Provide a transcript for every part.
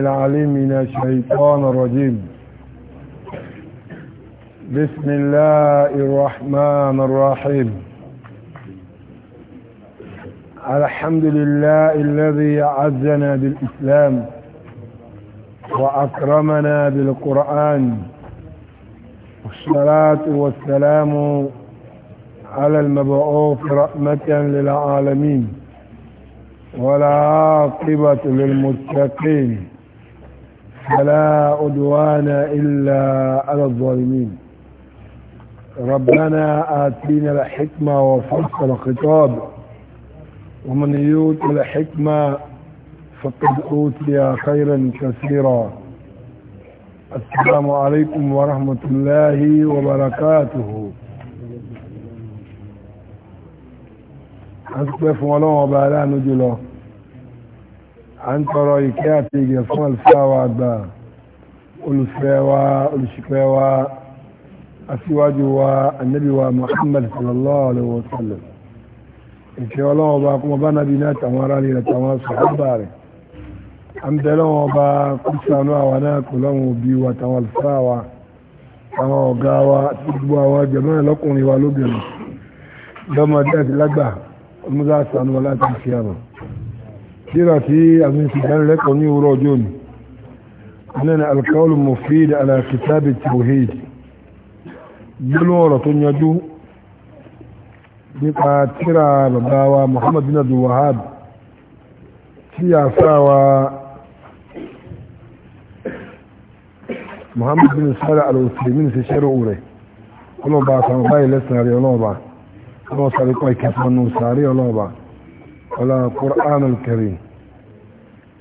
العليم من الشيطان الرجيم بسم الله الرحمن الرحيم الحمد لله الذي عزنا بالإسلام وأكرمنا بالقرآن والصلاة والسلام على المبعوث رحمة للعالمين ولا عاقبة للمتقين فلا أدوان إلا على الظالمين ربنا آتينا الحكمة وفرصة الخطاب ومن يوت الحكمة فقد أوتي خيرا كثيرا السلام عليكم ورحمة الله وبركاته أسقف ولو وبالا نجله à ń tọrọ ìkẹ́ àti ìgẹ̀ fún àlùfáà wa àgbà olùfẹ́ wa olùṣìpẹ̀ wa aṣíwájú wa annabi wa muhammad sallallahu alaihi wa sallam ìkẹ́ ọlọ́wọ́ bá kúmọ bá nàbí náà tàwọn ará rí rẹ̀ tàwọn sọ̀rọ̀bà rẹ̀ à ń bẹ̀rẹ̀ wọn bá kúsànú àwa náà kò lọ́wọ́ bí wa tàwọn àlùfáà wa àwọn ọ̀gá wa àti gbogbo àwọn jẹ̀mọ́ lọ́kùnrin wa lóbìnrin lọ́mọdé àti lágbà ọmọdé àti àwọn aláàtàkì tíra tí àwọn ìfìdánilẹ́kọ̀ọ́ ní òwúrọ̀ ọjọ́ ni nínú alkawlu mufid ala kitabi tawhid gbóló ọ̀rọ̀ tó yanjú nípa tíra bàbá wa muhammad bin abdul wahab tí a sáwa muhammad bin sara al-usaimin ṣe ṣẹ́rọ rẹ̀ ọlọ́ba àtàwọn báyìí lẹ́sìn rẹ̀ ọlọ́ba ọlọ́sàrí kan ìkẹfọ́nù sàárẹ̀ ọlọ́ba ọlọ́ qur'an al-karim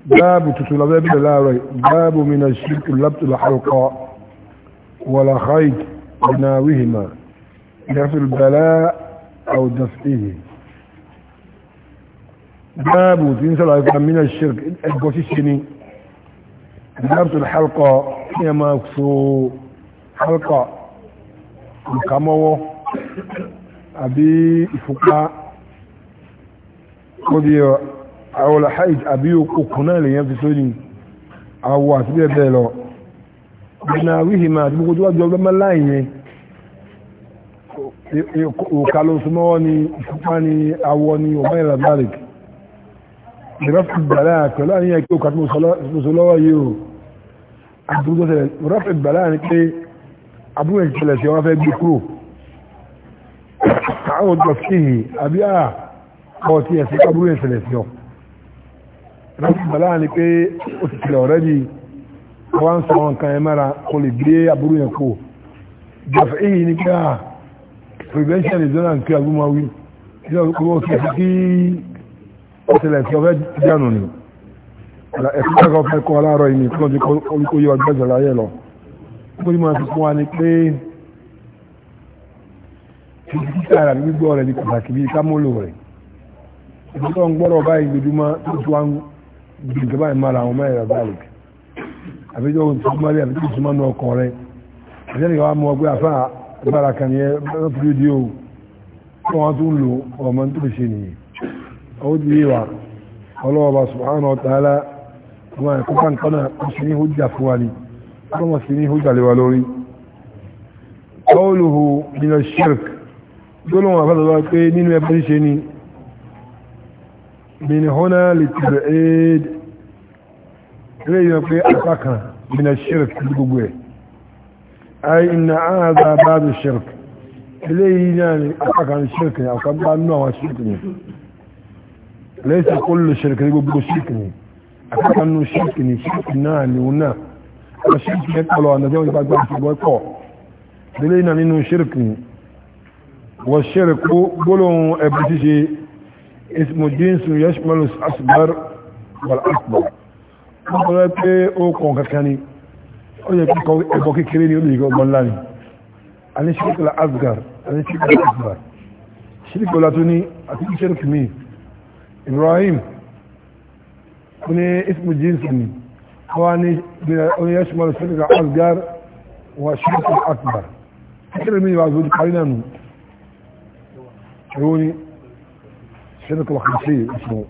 باب لا لاري باب من الشرك اللبت الحلقاء ولا خيط بناوهما دفع البلاء او دفعه باب تنسى العفاء من الشرك القوشيشني لبت الحلقاء هي مكسو حلقاء مكامو ابي فقاء قضيه àwọn ọ̀làhàìd àbí okùn náà lèyàn fi sórí àwọ̀ àti bẹ́ẹ̀ bẹ́ẹ̀ lọ ìgbìnà wíhì máa ti gbogbo tó wájú ọgbẹ́ mẹ́lá ìyẹn òkà ló súnmọ́wọ́ ni ìfúnpá ni awọ ni ọmọ ìlà balik ìrọ́fì bàlá pẹ̀lú àníyàn pé òkà tí mo sọ lọ́wọ́ yìí o àdúgbò sẹlẹ̀ ìrọ́fì bàlá ni pé abúlé ìṣẹ̀lẹ̀ tí wọ́n fẹ́ gbé kúrò àwọn ọ̀dọ̀ fíhì àbí àà ọ̀ tí ẹ̀sìn kábúrò ìṣẹ̀lẹ̀ tí wọ́n láti bàlá ní pé ó ti tilẹ̀ ọ̀rẹ́ di wọ́n sọ wọn kan ẹ mẹ́ra kò lè gbé aburú yẹn kó jàfẹ́ èyí ni pé à prevention is not nkiri agbómawi ní ọgbọ́n kí ẹ̀sì kí ó tilẹ̀ tí ọfẹ́ dánù ni ẹ̀sìn kọ́kọ́ fẹ́ kọ́ aláàárọ̀ yìí ni kí wọ́n ti kọ́ yọ ọgbẹ́sẹ̀ láyé lọ ó ní máa fi fún wa ni pé títí ara gbígbọ́ rẹ̀ ní pàtàkì bíi kámọ́lò rẹ̀ ìdílọ́ ń gbọ́rọ̀ báyìí lójúmọ́ tó tó wá ń gbẹ̀gbẹ̀ báyìí mara àwọn mẹ́rin ọ̀gáàlì àbíjọ́ ìtumọ̀lẹ́ àbíjọ́ ìtumọ̀lẹ́ ọkọ̀ rẹ̀ ìjẹ́nì kan wá mú ọgbẹ́ afá agbára kan yẹ lọ́pùlú di o kí wọ́n tún lò ọmọ tó ṣe nìyí ọwọ́ ti yé wa ọlọ́ọ̀bà subhanahu wa ta'ala wọn ẹ̀kọ́ pàǹkan náà kò sí ní hujja fún wa ni ọlọ́mọ sí ní hujja lé wa lórí qawluhu min ash-shirk gbólóhùn àfẹ́sọ̀lọ́ pé nínú ẹbí ṣe ni min hona lè tẹ̀rẹ̀ ilé yọ pé apá kan bìnà shirk gbogbo ẹ̀ ayé iná ààbà báàbù shirk ilé yìí náà ni apá kan shirk ni àwọn bá nú àwọn shirk ni lẹ́sẹ̀ kó lè shirk ní gbogbo shirk ni apá kan nú shirk ni shirk náà ni òun náà àwọn shirk yẹn kọlọ ọ̀nà tí wọ́n ti bá gbà ti náà nínú shirk ni wọ́n shirk gbólóhùn ẹ̀bùn ti ṣe ismu yashmalus asbar wal akbar ọ̀rẹ́ pé ó kàn kankan ni ó yẹ kíkọ ẹbọ kékeré ni ó lè yíkọ ọgbọ́n ńlá ni a ní ṣíríkìlá asgar a ní ṣíríkìlá asgar ṣíríkìlá tó ní àti ṣíríkì mi Ibrahim ó ní ismu jinsi ni wọ́n ní oníyẹ́sùmọ́ ṣíríkìlá asgar wà ṣíríkìlá asgar kékeré mi wà zòdì parí náà ẹ̀wọ́n ni ṣíríkìlá kàfí ìṣòwò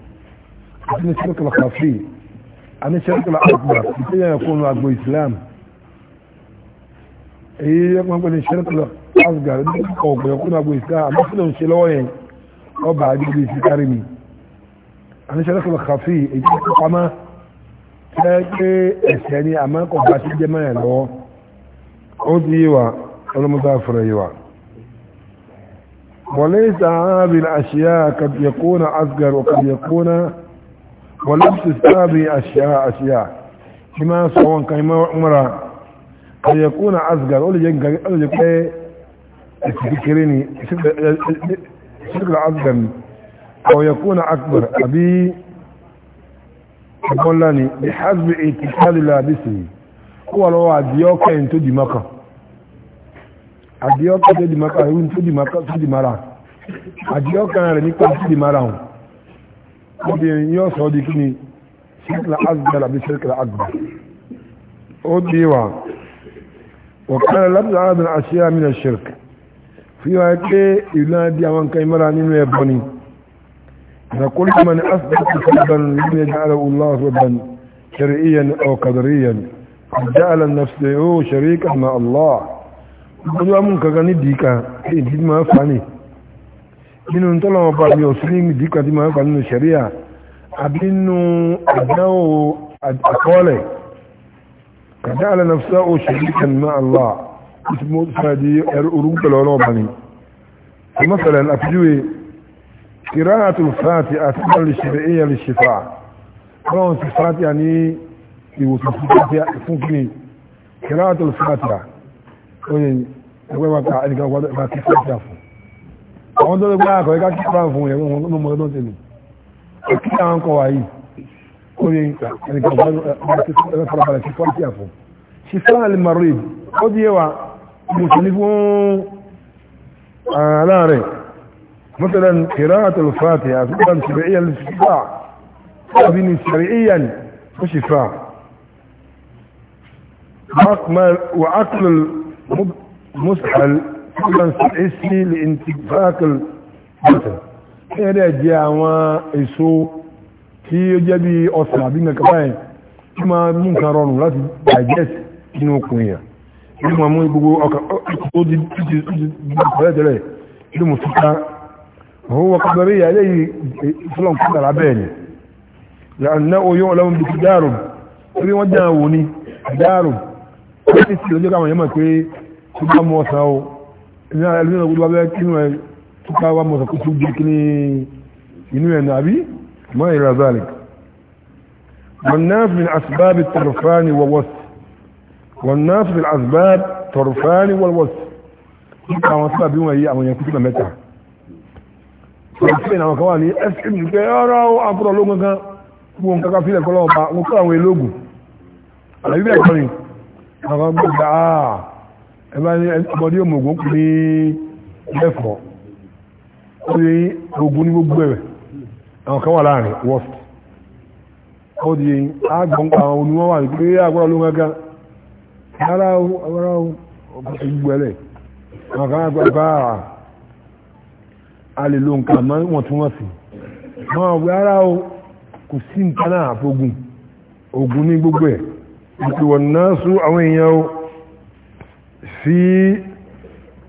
àmì sẹ́ríkìlá àgbà ìtẹ́yà ẹ̀kọ́ nù àgbò islam èyí ẹ̀kọ́ pẹ̀lú sẹ́ríkìlá àgbà ọ̀gbọ̀ ẹ̀kọ́ nù àgbò islam àmì sílẹ̀ ń ṣe lọ́wọ́ yẹn ọba àdìgbò ìfi kárí mi àmì sẹ́ríkìlá kàfí èyí tó pamọ́ tẹ́ pé ẹ̀sẹ̀ ni àmọ́ kò bá ti jẹ́ mẹ́rin lọ́wọ́ ó di wa ọlọ́mọdé àfọ̀rọ̀ yìí wa وليس هذه الأشياء قد يكون أصغر وقد يكون ولم تستابي أشياء أشياء كما سوان كما عمره أن يكون أصغر أولي ينقل أولي يقول تذكرني شكل أصغر أو يكون أكبر أبي يقول لني بحسب اتصال لابسه هو لو أديوك أن تجي مكة أديوك تجي مكة أديوك تجي مكة تجي مرة أديوك أن رميك تجي مرة obìnrin yóò sọ di kí ni ṣíkìlá asgbára bí ṣíkìlá asgbára ó bí wà ọ̀kára lábìlá arábìnrin àṣíyà mí ṣírk fi wá pé ìlú náà di àwọn kan mara nínú ẹbọ ni ìrẹ̀kọ́lù mọ̀ ní asgbára ti fi ban nínú ẹja ara ulọ́wọ́ fi ban shari'iyan aw qadariyan ja'ala nafsahu sharika ma Allah gbogbo amun kaga ni nínú tọ́lọ́wọ́ bá mi ò sí ní ìdíkà tí máa ń pa nínú ṣẹ̀ríà àbí nínú àdáwò àkọọ́lẹ̀ kàdá àlẹ́ na fúsá ó ṣẹ̀rí kẹ̀mí àlá tí mo sáà di orúkú pẹ̀lú ọlọ́wọ́ bá ní ọmọfẹ̀lẹ̀ àpíjúwe kìrá àti fàáti àti ìṣẹ̀rẹ̀ èèyàn lè ṣèfà ẹgbẹ́ wa ká ẹnìkan wà láti fàáti àfọ àwọn tó lọ́gbọ́n àkọ́ iká kí fáwọn fún ẹ̀wọ̀n ọmọ ọmọ ọdún tẹ̀lé kí àwọn kọ wáyé ó ní ẹnìkan farabalẹ̀ sí fọ́ọ̀tì àfọ́ sí fọ́ọ̀nà lè mọ̀rọ̀ ìbò ó di ẹwà mùsùlùmí fún aláàrẹ̀ mọ́tàlá kìrá àtàlùfáàtì وعقل المسأل قبل اسمي لانتفاق البطن ẹ̀rẹ́ jẹ́ àwọn èso tí ó jẹ́ bí ọsàn àbí nǹkan báyìí tí máa mú nǹkan rọrùn láti digest nínú okùn èèyàn ní ma mú gbogbo wọ́n kọ́bẹ̀rẹ̀ yà lẹ́yìn ìfọ́lọ̀n kọ́ dára bẹ́ẹ̀ káwọn yẹn pé tó bá mú ọsàn o ní ara ẹlẹ́nà gbogbo abẹ́ kínú ẹ̀ túká wá mọ̀ sọ̀kú tún gbígbé ní inú ẹ̀ náà bí mọ́ ìrà zálì والناس من أسباب الطرفان والوسط والناس من أسباب طرفان والوسط àwọn sábàbí wọn yí àwọn yankun sílẹ̀ mẹ́ta ìpínlẹ̀ àwọn kan wà ní ẹ̀sìn ìpínlẹ̀ ọ̀rọ̀ àkúrọ̀ lógún kan wọn kankan sílẹ̀ kọ́lọ́ wọn kọ́ àwọn elógun àlàyé bẹ́ẹ̀ ẹbá ní ọmọdé ọmọ ogun pè ní lẹ́fọ̀ ó ní ogun ní gbogbo ẹ̀rẹ̀ àwọn kan wà láàrin wọ́st ó di agbọ̀n àwọn oníwọ́n wà ní pé agbára ló gángan rárá agbára ọgbọ̀n gbogbo ẹ̀rẹ̀ àwọn kan agbára ah, a lè lo nǹkan àmọ́ wọ́n tún wọ́n sí àwọn ọgbẹ́ rárá o kò sí nǹkan náà àfogun ogun ní gbogbo ẹ̀ ìpìwọ̀n náà sú àwọn èèyàn o fi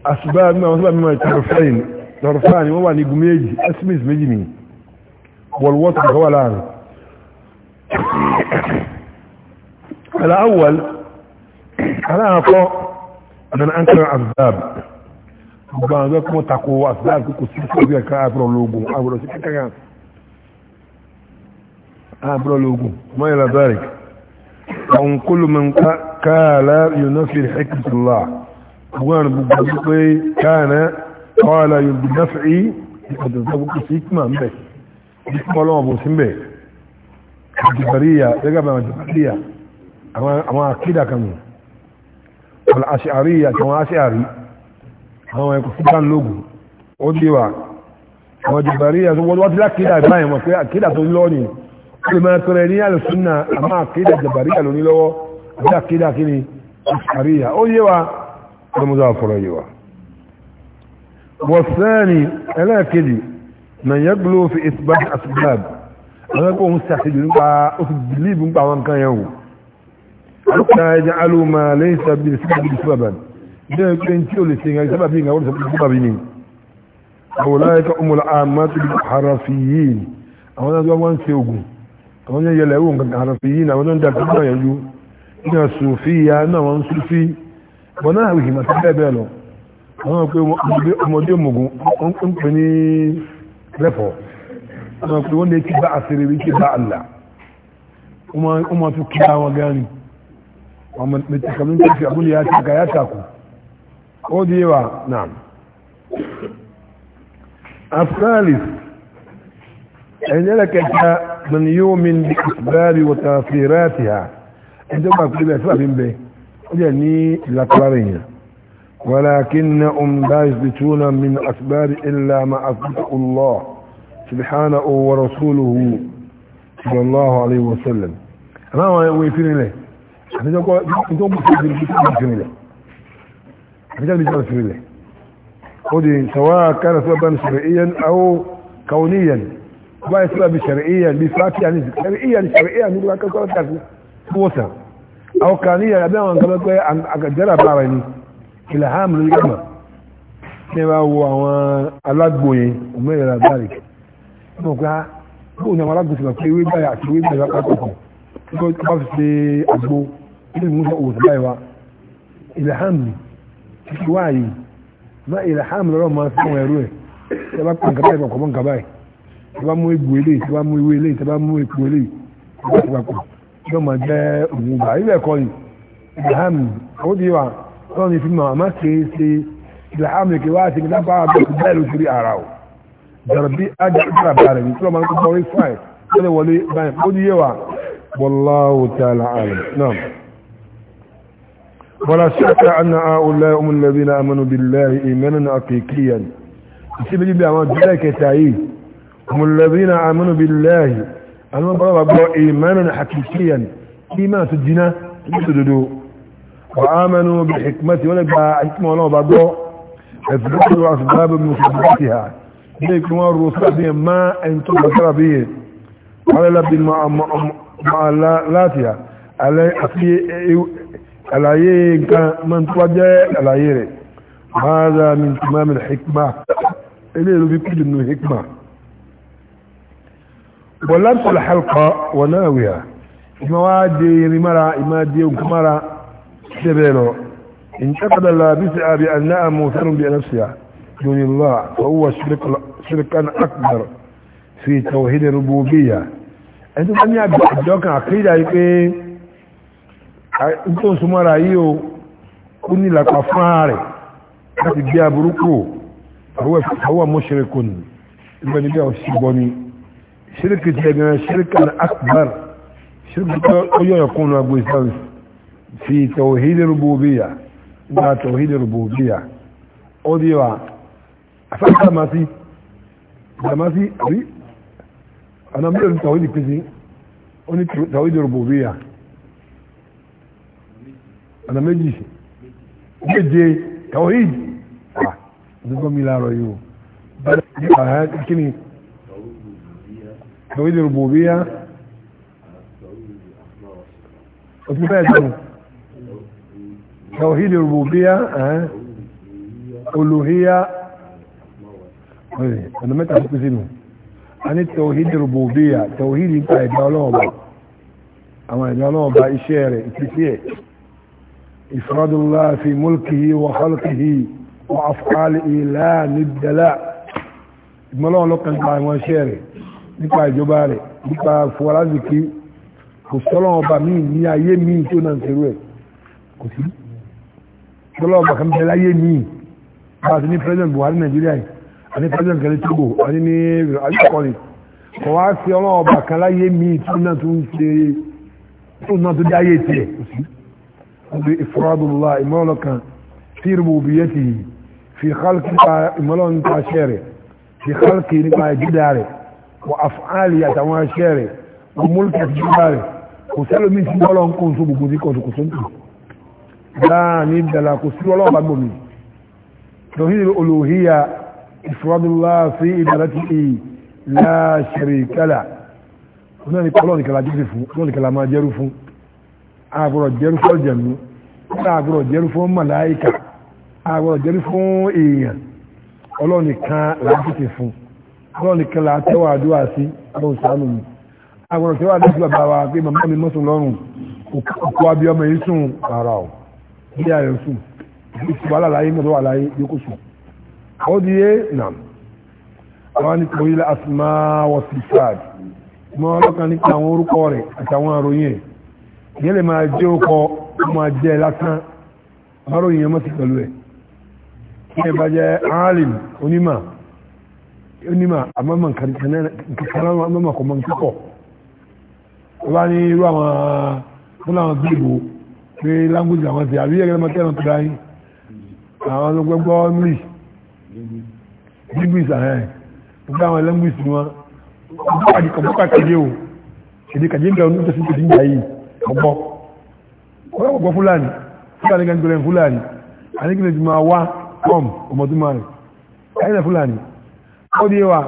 asbab ma asbab ma tarfain tarfani wọ́n wà ní igun méjì esmis méjì ni wal water ko wala ni ala awwal ala ko anan an kan asbab ba ga kuma tako asbab ko ko sifo bi ka abro logo abro sifo kan abro logo ma ila dalik an kullu man kala yunafi hikmatullah ọgbọ́n gbogbo wípé káàná kọ́ọ̀lá yorùbá dáfẹ́ ìpàdánù gbogbo sí ìkìmà ń bẹ̀ ìkìmà ọlọ́wọ́ bò sí ń bẹ̀ jìbàríyà gẹ́gẹ́ bá jìbàríyà àwọn akídà kanu àwọn aṣíàríyà àti àwọn aṣíàrí àwọn ẹ̀kọ́ fúkan lógún ó dé wa àwọn jìbàríyà tó wọ́n ti lákìdà báyìí wọn pé akídà tó lọ́ ni ó lè máa tọrẹ ní àlùsùnà àmọ́ akídà jìbàríyà lónílọ́wọ́ àti akídà kíni aṣíàríyà ó yé wa المضاف إليه والثاني ألا كذي من يقلو في إثبات أسباب أنا أقول مستحيل أفضلي بمبع من كان يوم حتى يجعلوا ما ليس بسبب سببا ده بنتيو لسينا سبب لنا ورسب سبب لنا أولئك أم العامات الحرفيين أولا دوا وان سيوغو أولا يلعون كان حرفيين أولا دكتور يجو إنها صوفية أنا وان صوفي wọn náà wìhì màtí bẹ́ẹ̀ bẹ́ẹ̀ lọ àwọn pé ọmọdé òmùgún ń pè ní lẹ́fọ̀ àwọn pé wọ́n lè kí bá àṣírí rí kí bá àlà wọ́n máa tún kí àwọn gani wọ́n mẹ́tì kàmí tó fi àbúlé yàtà ká yàtà kù ó di wa náà afghanis ẹ̀yìn ẹlẹ́kẹta mẹ́ni yóò mi ní ìsìláàrí wọ̀tàfẹ́rẹ́ àti ha ẹjọ́ gbà pé bẹ́ẹ̀ sí àbí ń bẹ́ẹ̀ يعني لقرارين ولكنهم لا يثبتون من أسباب إلا ما أثبت الله سبحانه ورسوله صلى الله عليه وسلم أنا ويفين إليه أنا أقول أنتم بسيطين إليه أنا أقول بسيطين إليه خذ سواء كان سببا شرعيا أو كونيا سواء سببا شرعيا بفاتي يعني شرعيا شرعيا نقول لك أقول لك هو سبب àwọn kan ní yàrá bí àwọn nǹkan pẹ́ àgàjára bá rẹ̀ ni ilham ló yàgbà ní ẹ bá wo àwọn alágbòye òmìnira àgbàrí ní ọ̀gá bóun ni àwọn alágbòye ti wà pé wíwá àti wíwá ìwà pàtàkì tó bá fi ṣe àgbo ilé ìmúṣọ òwò tàbá ìwà ilham ni títí wáyé má ilham lọ́rọ̀ máa fi wọn ẹ̀rú ẹ̀ tí a bá pè nǹkan báyìí pọ̀ kọ́ mọ́ nǹkan báyìí tí a bá mú egbò eléyìí tí a bá mú ewé eléyìí tí a bá mú epo eléyìí tí a bá fi wà pọ̀ yóò máa jẹ́ òun gbà ilé ẹ̀kọ́ yìí ìlàhàmù ó di wa wọ́n ní fíìmù àmọ́ ṣe é ṣe ìlàhàmù kí wá sí ní lápá àgbẹ̀kú bẹ́ẹ̀ ló ṣe rí ara o dàbí ajá ìtura bàrẹ̀ yìí tí wọ́n máa ń kó bọ́rí fáì tó lè wọlé báyìí ó di wa wallahu ta'ala alam naam ولا شك أن هؤلاء هم الذين آمنوا بالله إيمانا حقيقيا يسيب لي بأمان ذلك تعيي هم الذين آمنوا بالله àwọn ọmọ bọ́lá gbọ́ ìmánà hakikiyan kí máa tó jiná tó dodo wà á mẹ́nu bí hikmati wọ́n lè gba àyíkùmọ̀ ọlọ́wọ́ bá gbọ́ ẹ̀sùn tó kúrò àṣùgbọ́n mùsùlùmí ha ilé ìpín wọn rò sábà bíi má ẹni tó gbà sábà bíi wọ́n lè bí máa ìlú bí kúrò nù hikma bọ̀láńtò làhálùkọ́ wọ̀ náà wíyà ìmọ̀ wá di irin mára ìmọ̀ di nǹkan mára ṣe bẹ́ẹ̀ lọ ìjọba làbísí àbí àná àmọ́ fẹ́ràn bí ẹnẹ́sìá دون الله فهو شرك شركا اكبر في توحيد الربوبيه انت ان يا دوك عقيده يبقى انت سمرا يو كني لا كفار كتي بيا بروكو هو هو مشرك ابن بيا الشيبوني ṣíríkì jẹ́ gan ṣíríkì akbar ṣíríkì tó yọ̀yọ̀ kún un agbo islam fi tawhid rububiyya gba tawhid rububiyya ó di wa afẹ́kọ̀ọ́ màsí màsí àbí ọ̀nà mẹ́rin ní tawhid pèsè ó ní tawhid rububiyya ọ̀nà méjì méje tawhid ah ọdún gómìnà rọ̀ yìí o bá توحيد الربوبية توحيد الربوبية اه ألوهية أنا ما تحط زينه عن التوحيد الربوبية توحيد انت يجعلوه أما يجعلوه بقى إشارة إتسيع إفراد الله في ملكه وخلقه وافعاله لا ند لا ما لو لقى ما إشارة nípa ìjọba rẹ̀ nípa fúwarázìkí kò sọ́lọ́ ọba míì ní ayé míì tó náà ṣerú ẹ̀ kò sí sọ́lọ́ ọba kan bẹ̀rẹ̀ ayé míì bá a ti ní president Buhari Nàìjíríà yìí a ní president kẹlẹ́ Togo a ní ní ayọ́kọ́ni kò wá sí ọlọ́wọ́ ọba kan láyé míì tó náà tó ń ṣe tó náà tó dá ayé tiẹ̀ kò sí ọdún ìfọ́rọ́dúnlá ìmọ̀lọ́ kan fi rububiyatihi fi khalqi nípa ìmọ̀lọ́ nípa ṣẹ́ rẹ̀ fi khalqi nípa ìjídá rẹ̀ àfáàlì àtàwọn aṣẹ́ rẹ̀ ọmọlùkẹ́ ti bá rẹ̀ kò sẹ́lómi sí ọlọ́run kò ń so gbogbo ní kọ̀ọ̀tù kò tó ń tù láàrin ìdàlà kò sí ọlọ́run bá gbòmí lọ́hìn olóhíyà ìfúradúlá sí ìdàlà ti ì láṣẹ̀rì kálà náà ni ọlọ́run nìkan la jẹ́rìí fún ọlọ́run nìkan la máa jẹ́rú fún àgbọ̀rọ̀ jẹ́rú fún ọ̀jẹ̀mú àgbọ̀rọ̀ jẹ́rú fún màláìkà àgbọ̀rọ̀ jẹ́rú fún èèyàn ọlọ́run nìkan la jẹ́rìí fún ọlọ́run nìkan la tẹ́wà àdúrà sí ọlọ́run sàánù mi agbọ̀rọ̀ tẹ́wà àdúrà sí bàbá wa pé màmá mi mọ́sùn lọ́rùn òkú abí ọmọ yìí sùn rárá o bí ayọ̀ sùn bí sùn wàhálà láyé mọ̀tọ́ wà láyé yóò kó sùn. àwọn di yé nà wọn ni kò yílẹ̀ asùnmá wọ sí sáàd mọ ọlọ́kan nípa àwọn orúkọ rẹ̀ àtàwọn àròyìn ẹ̀ ìyẹn lè máa jẹ́ ọkọ ó máa jẹ́ lásán àròyìn ẹ̀ mọ́ sí pẹ̀lú ẹ̀ kí ẹ bá jẹ́ alim onímọ̀ onímọ̀ àmọ́mọ̀ nkankanmọ̀ kò mọ̀ nkíkọ̀ wá ní irú àwọn fún àwọn bíbù pé language àwọn ti àbí ẹgbẹ́ mọ́tẹ́ àwọn tó dáyé àwọn ọlọ́gbẹ́gbọ́ english english àhẹ́ gbogbo àwọn language wọn ọgbọ́kà kàdé o èdè kàdé ń bẹ̀rù ní ìtọ́sí ìtọ́sí ìjà yìí ọgbọ́ ọgbọ́ fúlàní fúlàní gan fúlàní àníkìlẹ̀ ti máa wá kọ́m ọmọ tó máa rẹ̀ ẹ̀yìn fúlàní ó dé wà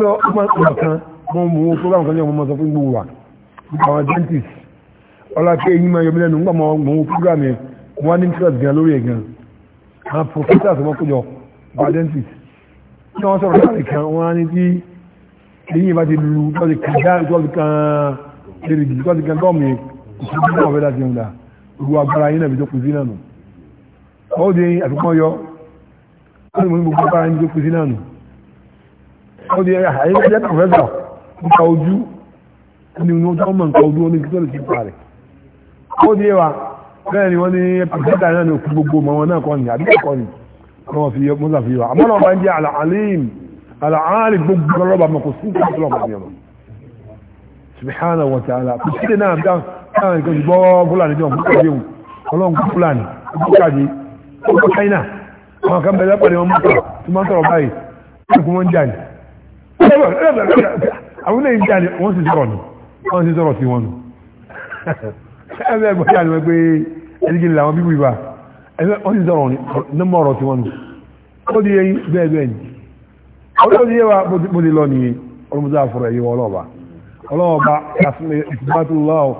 lọ ọmọ kan mọ́ mú owó program kan ní ọmọ sọ fún gbogbo wa àwọn dentist ọlọ́pẹ́ èyí máa yọmí lẹ́nu nígbà mọ́ owó program yẹn wọ́n ní interest gan lórí ẹ̀ gan àwọn professors wọ́n kó jọ bá dentist ní wọ́n sọ̀rọ̀ láti kan wọ́n á ní tí èyí bá ti lu tọ́sí kan dáàrí tọ́sí kan èrìgì tọ́sí kan gọ́ọ̀mù yẹn ìṣubú náà fẹ́ láti ń da gbogbo agbára yín nàbí tó kù sí náà nù ó di ayé jẹ́ pòfẹ́sọ̀ nípa ojú ní wọ́n tó mọ̀ nǹkan ojú ó ní kí tó lè sípa rẹ̀ ó di wa bẹ́ẹ̀ ni wọ́n ní pòfẹ́sọ̀ náà ní òkú gbogbo ọmọ wọn náà kọ́ ni àbí ẹ̀kọ́ ni wọ́n fi mọ́sà fi wa àmọ́ náà bá ń jẹ́ àlàálìm àlàálì gbogbo ọlọ́ba mọ̀ kò sí ìtọ́jú ọmọ mi ọmọ subhanahu wa ta'ala kò sí náà bí káwọn nǹkan ti gbọ́ fúlàní jọ fún kọ́jú ọlọ́run kú fúlàní kú kájí ó kọ́ china àwọn kan bẹ̀rẹ̀ pẹ̀lú ọmọ mọ́tò tó máa ń sọ̀rọ̀ báyìí ó kún wọn jáde àwọn ilé ìjà ni wọ́n sì sọ̀rọ̀ ni wọ́n sì sọ̀rọ̀ sí wọn nù ẹgbẹ́ ẹgbẹ́ ìjà ni wọ́n pé ẹdígìlì làwọn bíbù ìwà ẹgbẹ́ wọ́n sì sọ̀rọ̀ ni nọ́mọ̀ ọ̀rọ̀ sí wọn nù ó di yẹn bẹ́ẹ̀ bẹ́ẹ̀ ni ó di yẹn wa bó ti lọ nìyẹn ọlọ́mọdé àfọ̀rọ̀ ẹ̀yẹ ọlọ́ọ̀ba ọlọ́ọ̀ba ìfúnbátúláwọ̀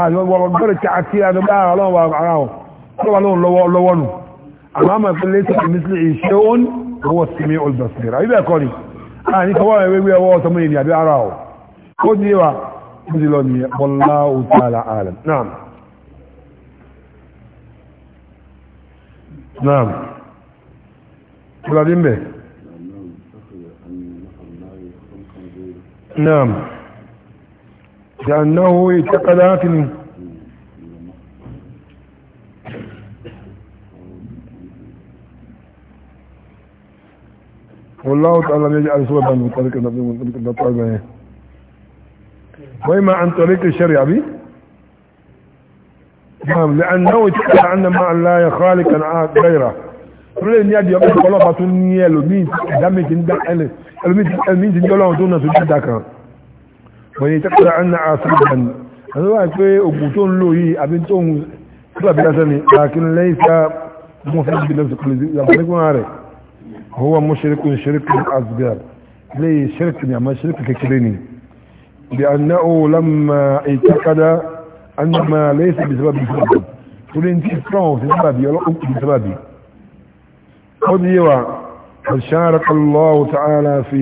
àgbọ̀gbọ̀rẹ̀ tí a ti àdúgbà ọlọ́wọ́ ara ọ̀ ọlọ́wọ́ lọ́wọ́ lọ́wọ́ nù àmọ́ àmọ́ ìpínlẹ̀ tí a mísìlẹ̀ ìṣẹ́ òun lọ́wọ́ sí mi olùdọ̀sílẹ̀ àbíbẹ̀ ẹ̀kọ́ ni a ní sọwọ́ ẹ̀wẹ́ wí ọwọ́ ọ̀sọ́mọ́ ìní àbí ara ọ̀ ó ní wa لأنه اتقى لكن والله تعالى يجعل سببا من طريق النبي من طريق وإما عن طريق الشريعة بي نعم لأنه اتقى أن مع الله خالقا غيره rẹ̀ ní àdìyàn pẹ̀lú ọlọ́pàá tó ní ẹlòmíì dámẹ́jì ń dá ẹlòmíì ti jọ́ lọ́wọ́ tó náà tó wọ́n yìí tẹ́kọ̀ọ́ àná àfihàn àwọn wáyé pé ògùn tó ń lò yìí àbí tó ń kílàbí lásán ni àkínú lẹ́yìn sá mọ́ fún ìbílẹ̀ ìsìnkúlẹ̀ ìyàmọ́lẹ́gbọ́n rẹ̀ هو مشرك شرك أصغر ليه شرك يعني شرك كبيرني لأنه لما اعتقد أن ما ليس بسبب سبب تقول انت تكرهه بسبب ولا أنت بسبب خذ يوا فشارك الله تعالى في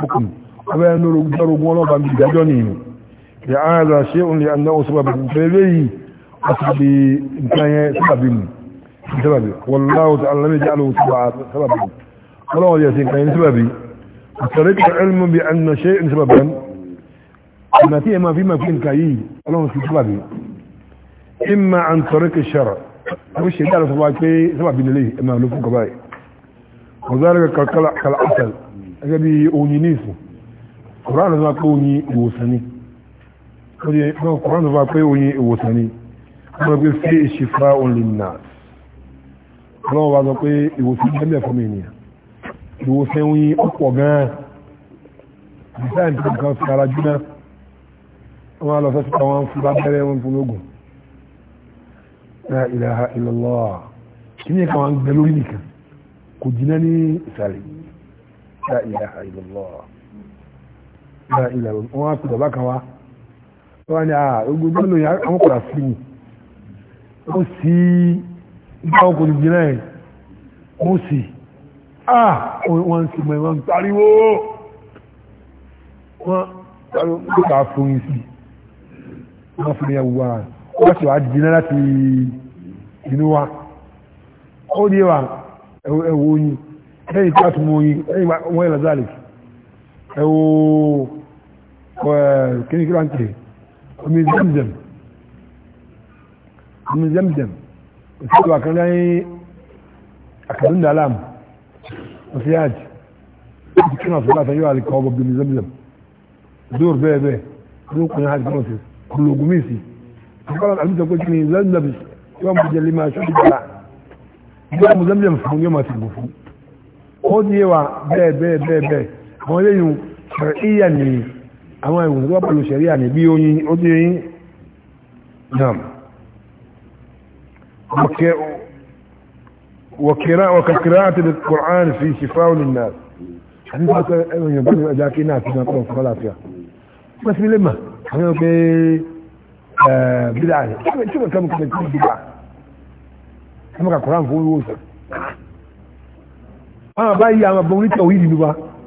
حكم abẹ́ lórogún ọlọ́pàá bí ìdájọ́ nìyí ya áàdà ṣe òun lè àná òṣùpá bí ìfẹ́lẹ́ yìí àti nǹkan yẹn sábàbí mu sábàbí wọláwò tí alámẹ́ jẹ́ àlọ́ òṣùpá sábàbí wọláwò yẹ sí nǹkan yẹn sábàbí àtàrẹ́kì ẹlmú bí àná ṣe ń sábàbí ọ̀nà tí ẹ máa fi máa fi nǹkan yìí ọlọ́run sí sábàbí ìmà àǹtọ̀rẹ́kì ṣẹ̀rọ̀ ó ṣe dára fún wa pé sábàbí nílé ẹ máa ló fún kọ báyìí ọ̀zárẹ́kì kàlá àṣàl gẹ́gẹ́ bí òyìn ní ìsìn Quran ló sọ pé oyin ìwòsàn ni Quran ló sọ pé oyin ìwòsàn ni wọ́n lọ pé fi ìṣìfà òǹlì nà ọlọ́wọ́ wa sọ pé ìwòsàn jẹ́mẹ̀ fún mi nìyà ìwòsàn oyin ọ̀pọ̀ gan-an design tó nǹkan fi ara jóná wọ́n á lọ sọ́sọ́ wọn fún lábẹ́rẹ́ wọn fún ilaha illallah kí ni ẹ̀ka wọn gbẹ lórí nìkan kò jiná la ilaha illallah ìlà ìlà wọn á fi bàbá kan wá wọn ni ah, ogun gbọ́dọ̀ yà àwọn kọ̀dà sí ni ó sì bá wọn kò ní jìnnà ẹ̀ ó sì à ah, wọn sì mọ̀ wọn pariwo wọn pariwo ó kà á fún yín sí wọn fún ẹwọ́ kíníkí láti omi zamzam omi zamzam òṣèlú àkànlẹ́ àkàdún dàlám òṣèyàjì ó ti kíná sọ́lá àtàyọ́ àríkà ọgbọ̀ bí omi zamzam dóòrù bẹ́ẹ̀ bẹ́ẹ̀ ló ń kọ̀nyá àríkà ọ̀sẹ̀ kùlùgùn mí sí àkàrà àlùsọ pé kí ni zamzam yóò mú jẹ lima ṣọ́ọ̀dì gbà yóò mú zamzam fún yóò máa ti ó di yé bẹ́ẹ̀ bẹ́ẹ̀ bẹ́ẹ̀ bẹ́ẹ̀ àwọn eléyìn ṣẹ̀ríyà ni àwọn ìwòsàn tó pẹ̀lú ṣẹ̀ríyà ni bí oyin ó ti yín nam wọ̀kẹ̀rẹ́ àti kùrán fi ṣìfáwọn nìyà àti pàtàkì ẹ̀rọ yẹn bọ́ọ̀lù ẹja kí náà ti náà kọ́ fún ọlàfíà wọ́n ti lè mà àwọn ọgbẹ́ bídà rẹ̀ tí wọ́n kọ́ mú kọ́ mú kọ́ mú kọ́ mú kọ́ mú kọ́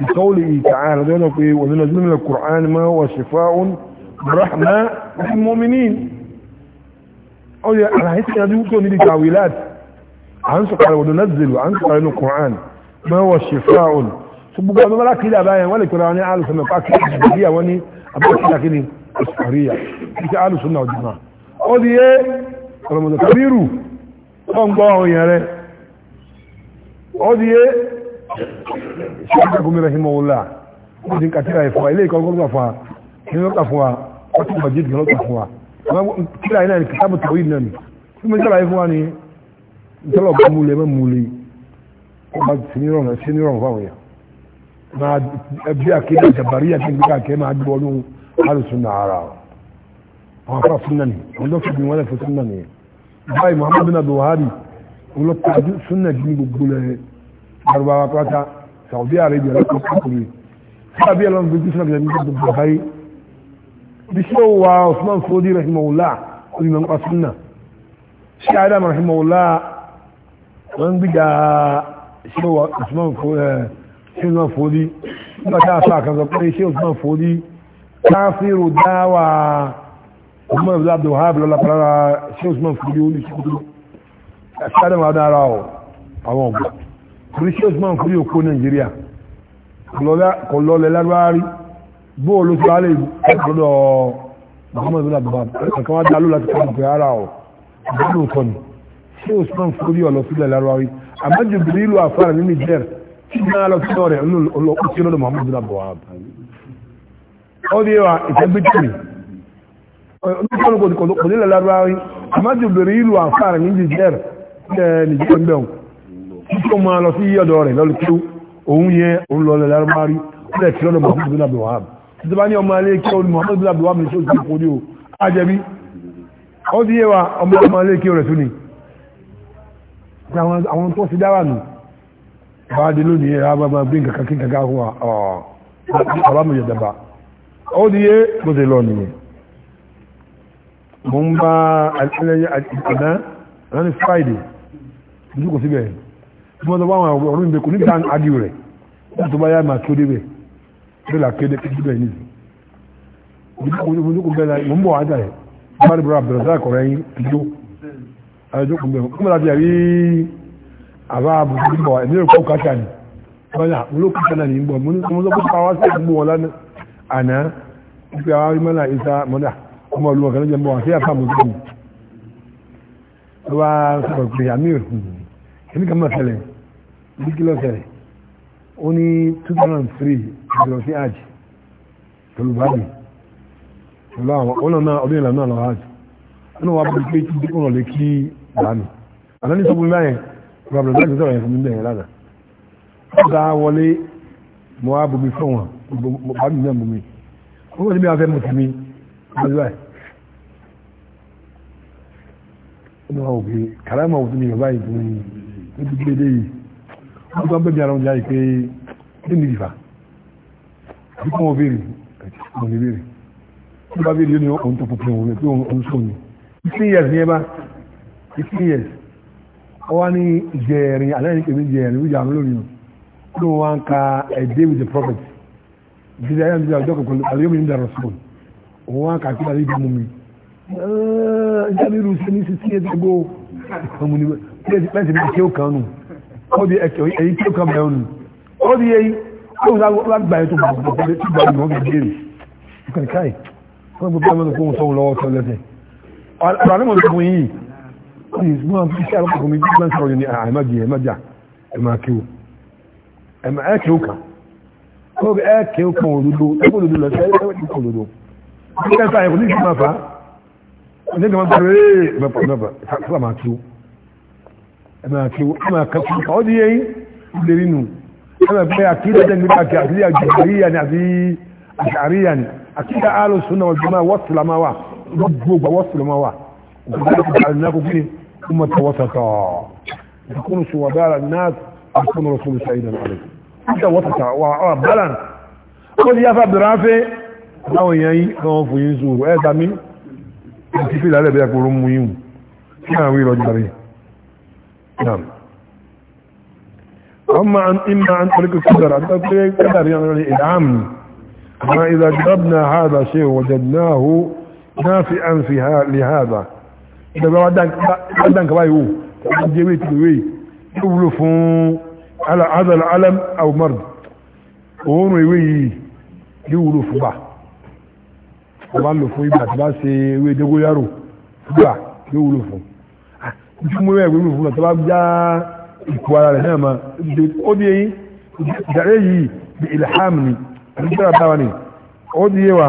بقوله تعالى ذلك وننزل من القرآن ما هو شفاء ورحمة للمؤمنين أو يا أنا حيث أن هذه وكون لي تعويلات عنسق على وننزل وعنسق على القرآن ما هو شفاء سبقوا أبا ملاك إلا أبايا ولا كراني أعلى سنة فأكي أحبية واني أباك لكني أسحرية إنت أعلى سنة والجماعة أو دي رمضان كبيرو فانقوا يا ري أو ṣíkà gómìnà rahimu ọlá ó ti ń kàtíra ẹ̀fọ́ ilé ìkọ́ gbọ́dọ̀ fún wa ní lọ́kà fún wa ó ti mọ̀ jíjìn lọ́kà fún wa kíra iná kìtàbù tàwí náà ni tí mo ṣàlàyé fún wa ni ìtọ́lọ̀ bá múlẹ̀ mọ́ múlẹ̀ ó bá sí ní rọrùn sí ní rọrùn fáwọn èèyàn máa bí akéde àjàbárí àti ìgbéka àkẹ́ máa gbọ́ ọdún alùsùn náà ara àwọn afá súnà ni àwọn tó fi bí wọn lè fi súnà nìyẹn báyìí muhammadu bin abdulhari olùkọ́ súnà jí ní gbogbo lẹ́yìn Lárúbáwá pátá Saudi Arabia lọ́kọ̀ kọkùnrin sábàbí ẹ̀ lọ́nà gbogbo sọ́nà gbogbo gbogbo Buhari bí ṣé ó wa Usman Fodi rahimahullah onímọ̀ nípa sunna ṣé Adam rahimahullah wọ́n gbígbà ṣé ó wa Usman Fodi nígbà tá a sọ àkànṣọ pé ṣé Usman Fodi káfíìrù dáwà ọmọ ìbúdá Abdulhab lọ́la pàlára ṣé Usman Fodi ó ní ṣe kúrú ṣé Adam wa ọ àwọn ọ̀gbọ̀n precious man kúrò òkú nàìjíríà kò lọlẹ̀ lágbárí bóòlù tó alẹ́ ẹ̀kọ́dọ̀ muhammad bin abdullah kankan wá dáló láti kọ́ ọ̀pẹ̀ ara ọ̀ ìdánù tọ́ ni ṣé usman kúrò ọ̀lọ́ sílẹ̀ lágbárí àmájú bìrì ìlú àfárà ní niger tí náà lọ sí ọ̀rẹ́ olóòkútí lọ́dọ̀ muhammad bin abdullah ó di wa ìtẹ́gbẹ́tìmì olùkọ́ni kò nílẹ̀ lágbárí àmájú bìrì ìlú àfárà ní niger ní niger ń bẹ̀rù kó máa lọ sí ọ̀dọ̀ rẹ̀ lọ́lù kí òun yẹ òun lọ lẹ́lẹ́rẹ́márì ó lẹ̀ tí lọ́dọ̀ Muhammad bin Abdul Wahab títí bá ní ọmọ alẹ́ kí ó ní Muhammad bin Abdul Wahab ní sóòtú ìkóni o ajẹ́bí ó ti yé wa ọmọ ọmọ alẹ́ kí ó rẹ̀ tún ni àwọn tó ti dára nù bá dé lónìí ẹ̀rọ abáma bí nǹkan kí nǹkan káwọn àbámu yẹ dàbà ó ti yé bó ti lọ nìyẹn mo ń bá alẹ́ àdán lọ́nà Friday ìdúkọ̀ síbẹ̀ yìí tí wọ́n lọ wáwọn ọ̀rún ìgbé kò ní dáhùn adi rẹ̀ láti bá yá máa tó débẹ̀ bẹ́ẹ̀ là kéde kéde bẹ́ẹ̀ nìyí. ojúkùn bẹ́ẹ̀ la mò ń bọ̀ ájà yẹ báyìí bọ́ra bẹ̀rẹ̀ sáà kọ̀rọ̀ yín tó ojúkùn bẹ́ẹ̀ kọ́mọ̀ láti àrí àbá àbùkù bọ̀ ẹ̀mí rẹ̀ kọ́ kàtà ni bọ́lá mo ló kàtà náà ní bọ̀ mo ló kó pa wá sí àgbò wọn lánàá àná ìpè àwọn arímọ́lá ìta mọ́dà ọmọ olùwọ̀n kan ló jẹ́ mọ́ àti àfàmù tó kù. ló wá sọ̀rọ̀ pé àmì òkú èmi kan mọ̀ sẹ́lẹ̀ Two thousand three ní kí lọ́sẹ̀rẹ̀ ó ní 2003 ìjọba sí hajj pẹ̀lú báyìí pẹ̀lú àwọn ọ̀nà náà ọdún ìlànà lọ hajj ọ̀nà wa bí pé tí ó rọ̀lẹ́ kí báyìí àná ní sọ́kùnrin báyẹn rọ̀bìnrin báyìí sọ̀rọ̀ yẹn fún mi bẹ̀rẹ̀ lánàá ó dá wọlé mo wá bomi fún wọn báyìí náà bomi ó wọ́n ti bí wọn fẹ́ mọ̀ sí mi lọ́jọ́ ẹ̀ ọ̀nà òbí kàrámà òtún mi bàbá yìí tó ń gbé dé yìí wọ́n tó ń bẹ́bí ara wọn jáde pé ni ìfà àbí kí wọ́n béèrè mo ní béèrè wọ́n bá béèrè yóò ní ohun tó pupin òun pé òun sọ ni fifteen years ní ẹ bá fifteen years wọ́n wá ní jẹ̀ẹ̀rin alẹ́ ní kèmí jẹ̀ẹ̀rin wíjà àwọn olórin o ló wá ń ka a day with the prophet jíjẹ ayé àti ọjọ́ kọ̀ọ̀kan àlẹ́ mi ń darọ̀ sọ̀rọ̀ òun wá ka kíkà lébi mú mi ǹjẹ́ mi rú sí ní sixteen years ago ọmọ ó di èyí tí ó kàn mẹ́rin nù ó di èyí ó ń lágbà ètò gbogbo tí gbà ní wọ́n fi béèrè ìkànkáì wọ́n gbogbo ẹgbẹ́ tó ń sọ lọ́wọ́ tó lẹ́sẹ̀ ọ̀rọ̀ àlẹ́ mọ̀tò fún yìí ó di ìsúná fi ṣe àlọ́kọ̀ fún mi bí wọ́n sọ̀rọ̀ yìí ní àmà jì ẹ̀mà jà ẹ̀mà kéwò ẹ̀mà ẹ̀ kéwò kan ó ẹ̀ kéwò kan òdodo ẹ̀kọ́ òdodo lọ sí ẹ̀kọ́ òdodo ẹ̀kọ́ òdodo ẹ̀kọ́ òdodo ẹ̀kọ́ òdodo ẹ̀kọ́ òdodo ẹ̀kọ́ òdodo ẹ̀mà kẹfún ọ́ ní yẹn lè nínú ẹ̀mà pé àkídà jẹ́ nípa àkídà àjẹ̀ríyà ni àbí àṣàríyà ni àkídà alùsùn náà ọjọ́ máa wọ́sùlá máa wà gbogbo ọgbà wọ́sùlá máa wà يكون شهداء الناس أكون رسول سعيدا عليكم انت وسط وبلن قل يا فبرافي àwọn èèyàn yìí kan wọ́n fòyín sóòrò ẹ́ta mi àti fìlà alẹ́bẹ̀ẹ́ kòrò mú yíò نعم أما عن إما عن طريق القدر عن طريق القدر يعني الإدعام ما إذا جربنا هذا شيء وجدناه نافعا في لهذا إذا بعدك بايو جميت الوي يقولوا فون على هذا العلم أو مرض وهم يوي يقولوا فبا وقالوا فبا تباسي ويدقوا يارو فبا يقولوا ìfúnmúrẹ́ ìwé ìwé ìfúnmúrẹ́ tó bá já ìkú ara rẹ̀ náà ma ó di eyín ìdàrẹ́ yìí bí ilham ni àdúgbò báwa ni ó di yé wa